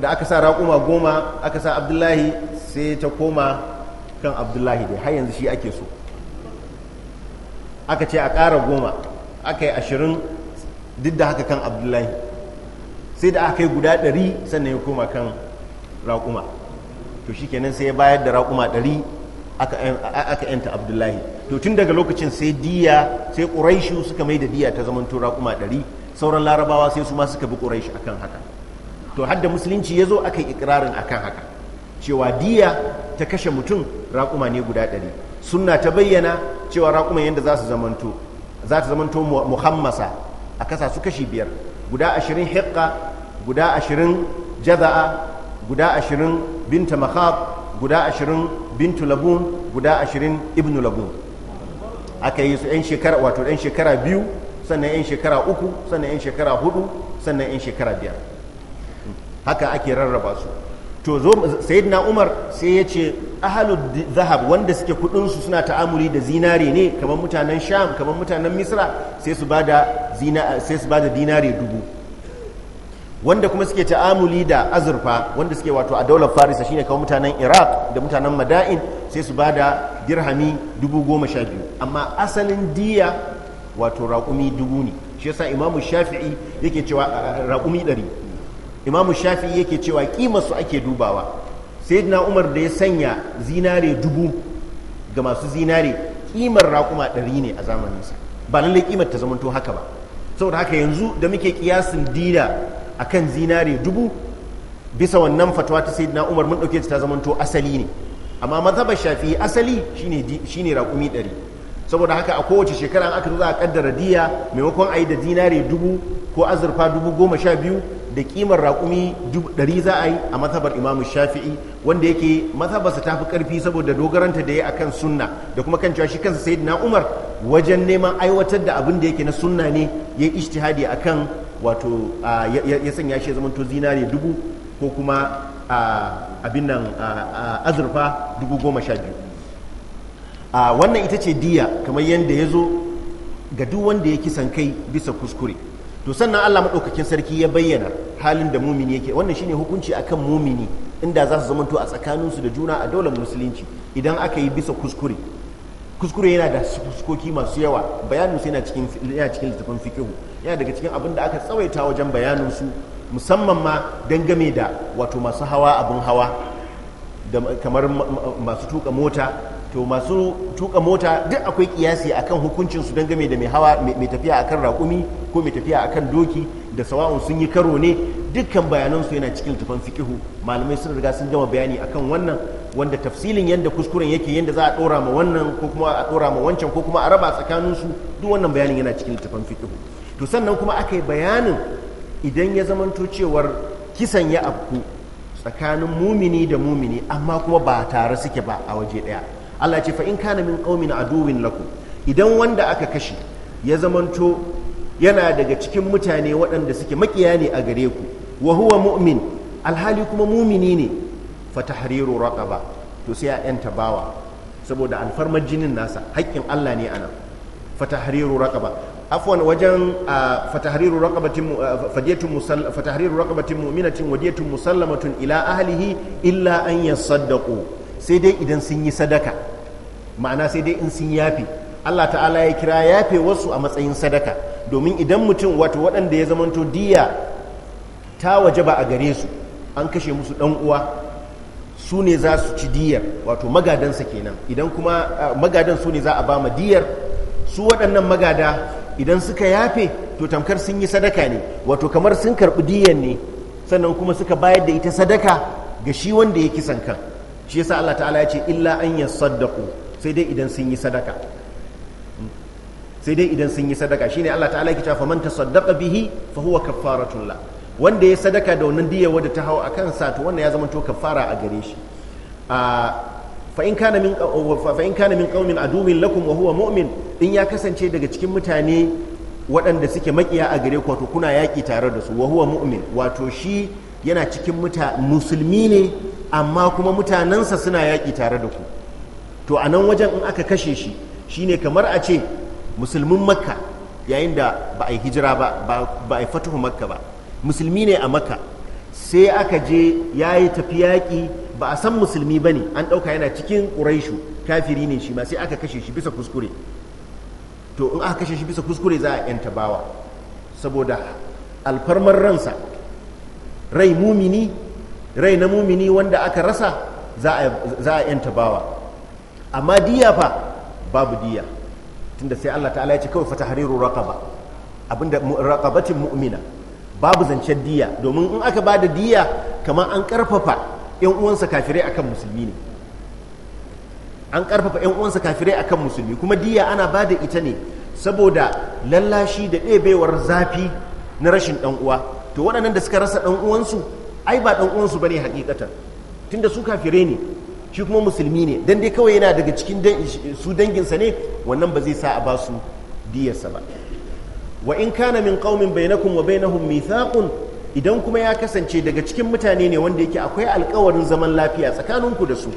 da aka sa raƙuma goma aka sa abdullahi sai ta koma kan abdullahi dai har yanzu shi ake so aka ce a ƙara goma aka yi ashirin duk da haka kan abdullahi sai da aka yi guda ɗari sannan ya koma kan raƙuma to shi kenan sai ya bayar da raƙuma ɗari aka yanta abdullahi to tun daga lokacin sai diya sai ƙuraishu suka mai da diya ta zamanto raƙuma ɗari sauran larabawa sai su ma suka bi a akan haka to hadda musulunci ya zo aka yi ikirarin akan haka cewa diya ta kashe mutum raƙuma ne guda ɗari sunna ta bayyana cewa raƙuman yadda za su zamanto za ta zamanto muhammasa a kasa su kashi biyar guda ashirin Hiƙa guda ashirin jaza'a guda ashirin binta makhab guda ashirin bintu labun guda ashirin ibnu labun aka yi su 'yan shekara wato 'yan shekara biyu sannan 'yan shekara uku sannan 'yan shekara hudu sannan 'yan shekara biyar haka ake rarraba su to zo sayyidina umar sai ya ce ahalu zahab wanda suke kudinsu suna ta'amuli da zinare ne kamar mutanen sham kamar mutanen misra sai su bada zina sai dinare dubu wanda kuma suke ta'amuli da azurfa wanda suke wato a daular farisa shine kamar mutanen iraq da mutanen mada'in sai su bada dirhami dubu goma sha biyu amma asalin diya wato raƙumi dubu ne shi yasa imamu shafi'i yake cewa raƙumi ɗari imamu shafi yake cewa kimarsu ake dubawa na umar da ya sanya zinare dubu ga masu zinare kimar raƙuma ɗari ne a zamaninsa ba lallai kimar ta zamanto haka ba saboda haka yanzu da muke kiyasin dina kan zinare dubu bisa wannan fatawa ta na umar mun ɗauke ta zamanto asali ne amma mazhabar shafi asali shine raƙumi ɗari saboda haka a kowace shekara aka zo za a kaddara diya maimakon a yi da dinare dubu ko azurfa dubu goma sha biyu da kimar raƙumi ɗari za a yi a mazhabar imamu shafi'i wanda yake mazhabarsa ta fi ƙarfi saboda dogaranta da ya akan sunna da kuma kan cewa shi kansa sai na umar wajen neman aiwatar da abin da yake na sunna ne ya yi ishtihadi a kan wato ya sanya shi ya to zinare dubu ko kuma abin nan azurfa dubu goma sha biyu wannan ita ce diya kamar yadda ya zo ga duk wanda ya kisan kai bisa kuskure to sannan Allah maɗaukakin sarki ya bayyana halin da mumini yake wannan shine hukunci akan mumini inda za su to a tsakaninsu da juna a daular musulunci idan aka yi bisa kuskure kuskure yana da fuskoki masu yawa bayanin su yana cikin yana cikin littafin fikihu yana daga cikin abin da aka tsawaita wajen bayanin su musamman ma game da wato masu hawa abin hawa da kamar masu tuka mota to masu tuka mota duk akwai kiyasi akan hukuncin su game da mai hawa mai tafiya akan raƙumi ko mai tafiya akan doki da sawa'un sun yi karo ne dukkan bayanansu yana cikin tufan fikihu malamai sun riga sun gama bayani akan wannan wanda tafsilin yadda kuskuren yake yadda za a dora ma wannan ko kuma a dora ma wancan ko kuma a raba tsakanin duk wannan bayanin yana cikin tufan fikihu to sannan kuma aka yi bayanin idan ya zamanto cewar kisan ya afku tsakanin mumini da mumini amma kuma ba tare suke ba a waje daya. Allah ce fa in kana min qaumin aduwin lakum idan wanda aka kashe ya zamanto yana daga cikin mutane waɗanda suke makiya ne a gare ku wa huwa mu'min alhali kuma mumini ne fa tahriru raqaba to sai a yanta bawa saboda alfarmar jinin nasa haƙƙin Allah ne anan fa tahriru raqaba afwan wajen fa tahriru raqabatin fadiyatun musallama fa tahriru raqabatin mu'minatin wadiyatun musallamatun ila ahlihi illa an yasaddaqu sai dai idan sun yi sadaka ma'ana sai dai in sun yafe Allah ta'ala ya kira yafe wasu a matsayin sadaka domin idan mutum wato waɗanda ya zamanto diya ta waje ba a gare su an kashe musu ɗan uwa su ne za su ci diyar wato magadansa kenan idan kuma magadan su ne za a ba ma diyar su waɗannan magada idan suka yafe to tamkar sun yi sadaka ne wato kamar sun karɓi diyar ne sannan kuma suka bayar da ita sadaka ga shi wanda ya kisan kan shi yasa Allah ta'ala ya ce illa an saddaku sai dai idan sun yi sadaka sai dai idan sun yi sadaka shine Allah ta'ala ya ke man tasaddaqa bihi fa huwa kaffaratun la wanda ya sadaka da wannan diya da ta hau a kansa to wannan ya zama to kaffara a gare shi fa in kana min fa in kana min qaumin wa huwa mu'min in ya kasance daga cikin mutane waɗanda suke makiya a gare ku to kuna yaƙi tare da su wa huwa mu'min wato shi yana cikin musulmi ne amma kuma mutanensa suna yaƙi tare da ku to a nan wajen in aka kashe shi shine kamar a ce musulmin makka yayin da ba a yi hijira ba ba a yi fatuhu makka ba musulmi ne a makka sai aka je ya yi tafi yaƙi ba a san musulmi ba ne an ɗauka yana cikin ƙuraishu kafiri ne shi ma sai aka kashe shi bisa kuskure to in aka kashe shi bisa kuskure za a yanta bawa saboda alfarmar ransa rai mumini rai na mumini wanda aka rasa za a yanta bawa amma diya fa babu diya tunda sai Allah ta'ala ya ce kawai fata hariru raqaba abinda raqabatin mu'mina babu zancen diya domin in aka bada diya kamar an karfafa yan uwansa kafirai akan musulmi ne an karfafa yan uwansa kafirai akan musulmi kuma diya ana bada ita ne saboda lallashi da ɗebewar zafi na rashin ɗan uwa to waɗannan da suka rasa ɗan uwansu ai ba ɗan uwansu bane hakikatan tunda su kafire ne shi kuma musulmi ne dan dai kawai yana daga cikin su danginsa ne wannan ba zai sa a ba su diyarsa ba wa in kana min qaumin bainakum wa bainahum mithaqun idan kuma ya kasance daga cikin mutane ne wanda yake akwai alkawarin zaman lafiya tsakaninku da su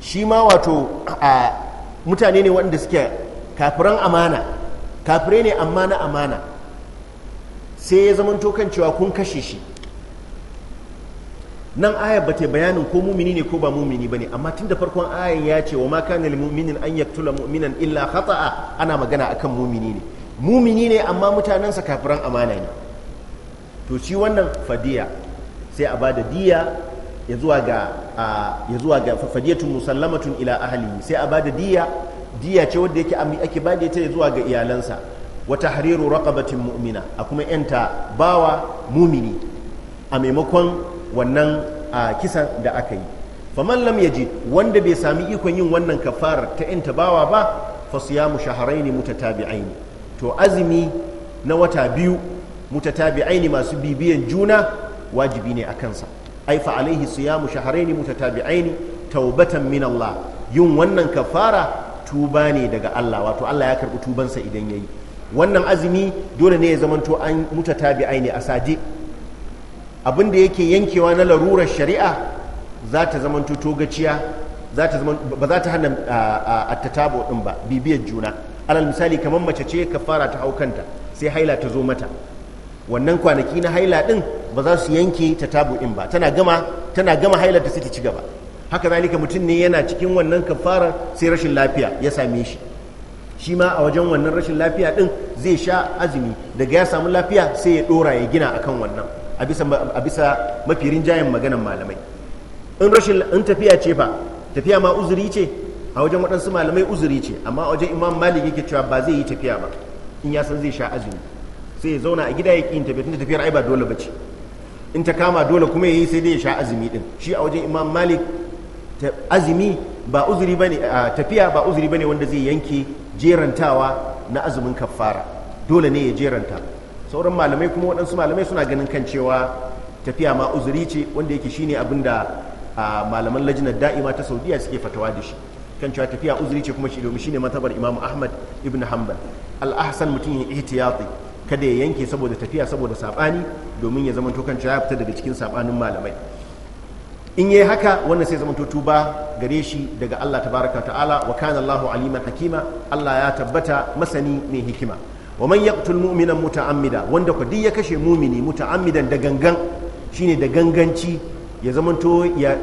shi ma wato a mutane ne wanda suke kafiran amana kafire ne amma na amana sai ya zama tokan cewa kun kashe shi nan ayar ba ta bayanin ko mumini ne ko ba mumini ba ne amma tun da farkon ayar ya ce wa ma kana lil mu'minin an tula mu'minan illa hata'a ana magana akan mumini ne mumini ne amma mutanensa kafiran amana ne to shi wannan fadiya sai a bada diya ya zuwa ga ya zuwa ga fadiyatun musallamatun ila ahli sai a bada diya diya ce wadda yake ake bada ita ya zuwa ga iyalansa wa tahriru raqabatin mu'mina a kuma yanta bawa mumini a maimakon wannan a kisan da aka yi faman lam yaji wanda bai sami ikon yin wannan kafarar ta yanta bawa ba fa siyamu shahraini mutatabi'aini to azumi na wata biyu mutatabi'aini masu bibiyan juna wajibi ne a kansa ai fa alaihi siyamu shahraini mutatabi'aini taubatan min Allah yin wannan kafara tuba ne daga Allah wato Allah ya karbi tubansa idan yayi wannan azumi dole ne ya zamanto an muta tabi'ai ne a saje abin da yake yankewa na larurar shari'a za ta zamanto togaciya ba za ta hana a tatabo din ba bibiyar juna alal misali kamar mace ce ka fara ta hau kanta sai haila ta zo mata wannan kwanaki na haila din ba za su yanke ta tabo ba tana gama tana gama haila ta suke ci gaba haka zalika mutum ne yana cikin wannan kafarar sai rashin lafiya ya same shi shi ma a wajen wannan rashin lafiya din zai sha azumi daga ya samu lafiya sai ya dora ya gina akan wannan a bisa mafi rinjayen maganan malamai in rashin in tafiya ce fa tafiya ma uzuri ce a wajen waɗansu malamai uzuri ce amma a wajen imam malik yake cewa ba zai yi tafiya ba in ya san zai sha azumi sai ya zauna a gida ya ƙi tafiya tun tafiyar ai ba dole ba ce in ta kama dole kuma ya yi sai dai ya sha azumi din shi a wajen imam malik azumi ba uzuri ba ne tafiya ba uzuri ba ne wanda zai yanke jerantawa na azumin kafara dole ne ya jeranta sauran malamai kuma waɗansu malamai suna ganin kan cewa tafiya ma uzuri ce wanda yake shine abin da malaman lajinar da'ima ta saudiya suke fatawa da shi kan cewa tafiya uzuri ce kuma shi domin shine matabar imamu ahmad ibn hanbal al-ahsan mutum ya ihtiyati kada ya yanke saboda tafiya saboda sabani domin ya zama to kan cewa ya fita daga cikin saɓanin malamai in yi haka wannan sai zama tuba gare shi daga Allah tabaraka ta'ala wa kana Allahu aliman hakima Allah ya tabbata masani mai hikima wa man yaqtul mu'mina muta'ammida wanda ko ya kashe mumini muta'ammidan da gangan shine da ganganci ya zamanto ya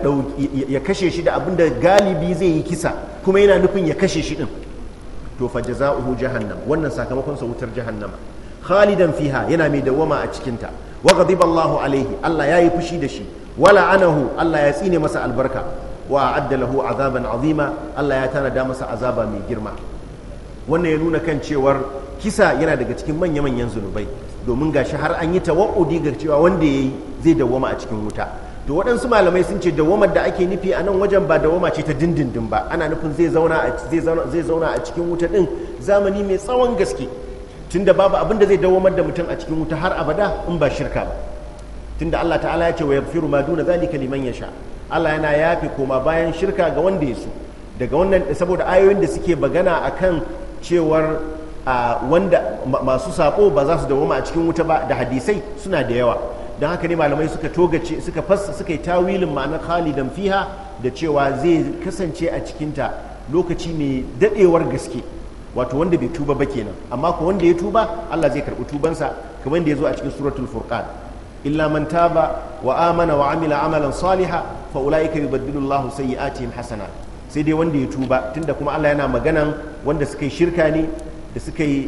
ya kashe shi da abinda galibi zai yi kisa kuma yana nufin ya kashe shi din to fa jazaohu jahannam wannan sakamakon sa wutar jahannama khalidan fiha yana mai dawama a cikinta wa ghadiba Allahu alaihi Allah ya yi fushi da shi wala anahu Allah ya tsine masa albarka wa a'adda azaban azima Allah ya tanada masa azaba mai girma wannan ya nuna kan cewar kisa yana daga cikin manya manyan zunubai domin gashi har an yi tawa'udi ga cewa wanda yayi zai dawwama a cikin wuta to waɗansu malamai sun ce dawwamar da ake nufi a nan wajen ba dawwama ce ta dindindin ba ana nufin zai zauna a cikin wuta din zamani mai tsawon gaske tunda babu abin da zai dawwamar da mutum a cikin wuta har abada in ba shirka ba tunda Allah ta'ala ya ce wa yaghfiru ma duna zalika liman yasha Allah yana yafi koma bayan shirka ga wanda ya su daga wannan saboda ayoyin da suke bagana akan cewar wanda masu sako ba za su dawoma a cikin wuta ba da hadisai suna da yawa don haka ne malamai suka togace suka fassa suka yi tawilin ma'anar khalidan fiha da cewa zai kasance a cikinta lokaci mai dadewar gaske wato wanda bai tuba ba kenan amma ko wanda ya tuba Allah zai karbi tubansa kamar da ya zo a cikin suratul furqan illa man taba wa amana wa amila amalan saliha fa ulaika yubaddilu Allah sayyi'atihim hasana sai dai wanda ya tuba tunda kuma Allah yana maganan wanda suka yi shirka ne da suka yi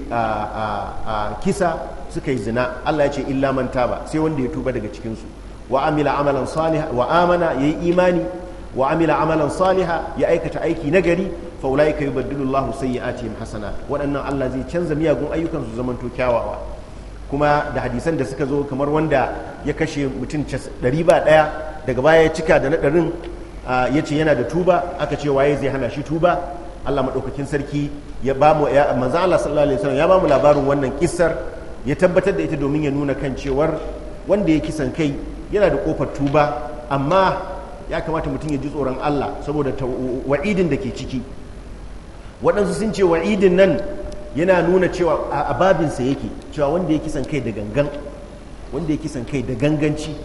kisa suka yi zina Allah ya ce illa man taba sai wanda ya tuba daga cikin su wa amila amalan saliha wa amana yayi imani wa amila amalan saliha ya aikata aiki nagari fa ulaika yubaddilu Allah sayyi'atihim hasana waɗannan Allah zai canza miyagun ayyukan su zamanto kyawawa kuma da hadisan da suka zo kamar wanda ya kashe mutum ɗari ba ɗaya daga baya ya cika da na ɗarin ya ce yana da tuba aka ce waye zai hana shi tuba Allah maɗaukakin sarki ya ba mu ya manzan Allah sallallahu alaihi wasallam ya ba mu labarin wannan kissar ya tabbatar da ita domin ya nuna kan cewar wanda ya kisan kai yana da kofar tuba amma ya kamata mutum ya ji tsoron Allah saboda wa'idin da ke ciki waɗansu sun ce wa'idin nan yana nuna cewa a babinsa yake cewa wanda ya kisan kai da gangan wanda ya kisan kai da ganganci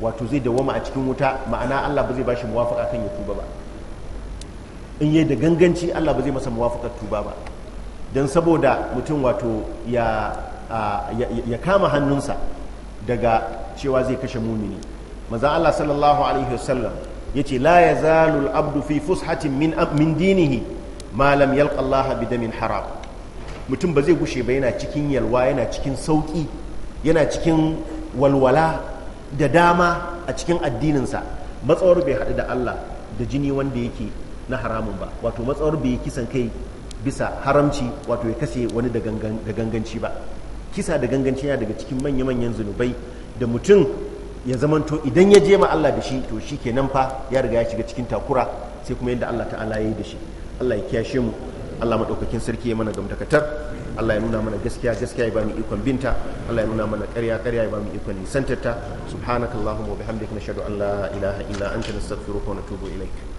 wato zai wama a cikin wuta ma'ana Allah ba zai ba shi muwafaka kan ya tuba ba in yi da ganganci Allah ba zai masa muwafakar tuba ba don saboda mutum wato ya, ya kama hannunsa daga cewa zai kashe mumini maza Allah sallallahu alaihi wasallam ya ce la ya zalul abdu fi fushatin min dinihi malam yalqa Allah bidamin haram mutum ba zai gushe ba yana cikin yalwa yana cikin sauki yana cikin walwala da dama a cikin addininsa matsawar bai haɗu da Allah da jini wanda yake na haramun ba wato matsawar bai kisan kai bisa haramci wato ya kashe wani da ganganci ba kisa da ganganci yana daga cikin manya-manyan zunubai da mutum ya zamanto idan ya je ma Allah da shi to shi ke nan fa ya riga ya shiga cikin takura sai kuma yadda Allah ta'ala ya yi da shi Allah ya kyashe mu Allah madaukakin sarki ya mana gamtakatar Allah ya nuna mana gaskiya gaskiya ya bamu ikon binta Allah ya nuna mana ƙarya ƙarya ya bamu ikon nisantarta subhanakallahumma wa bihamdika nashhadu an la ilaha illa anta nastaghfiruka wa natubu ilaik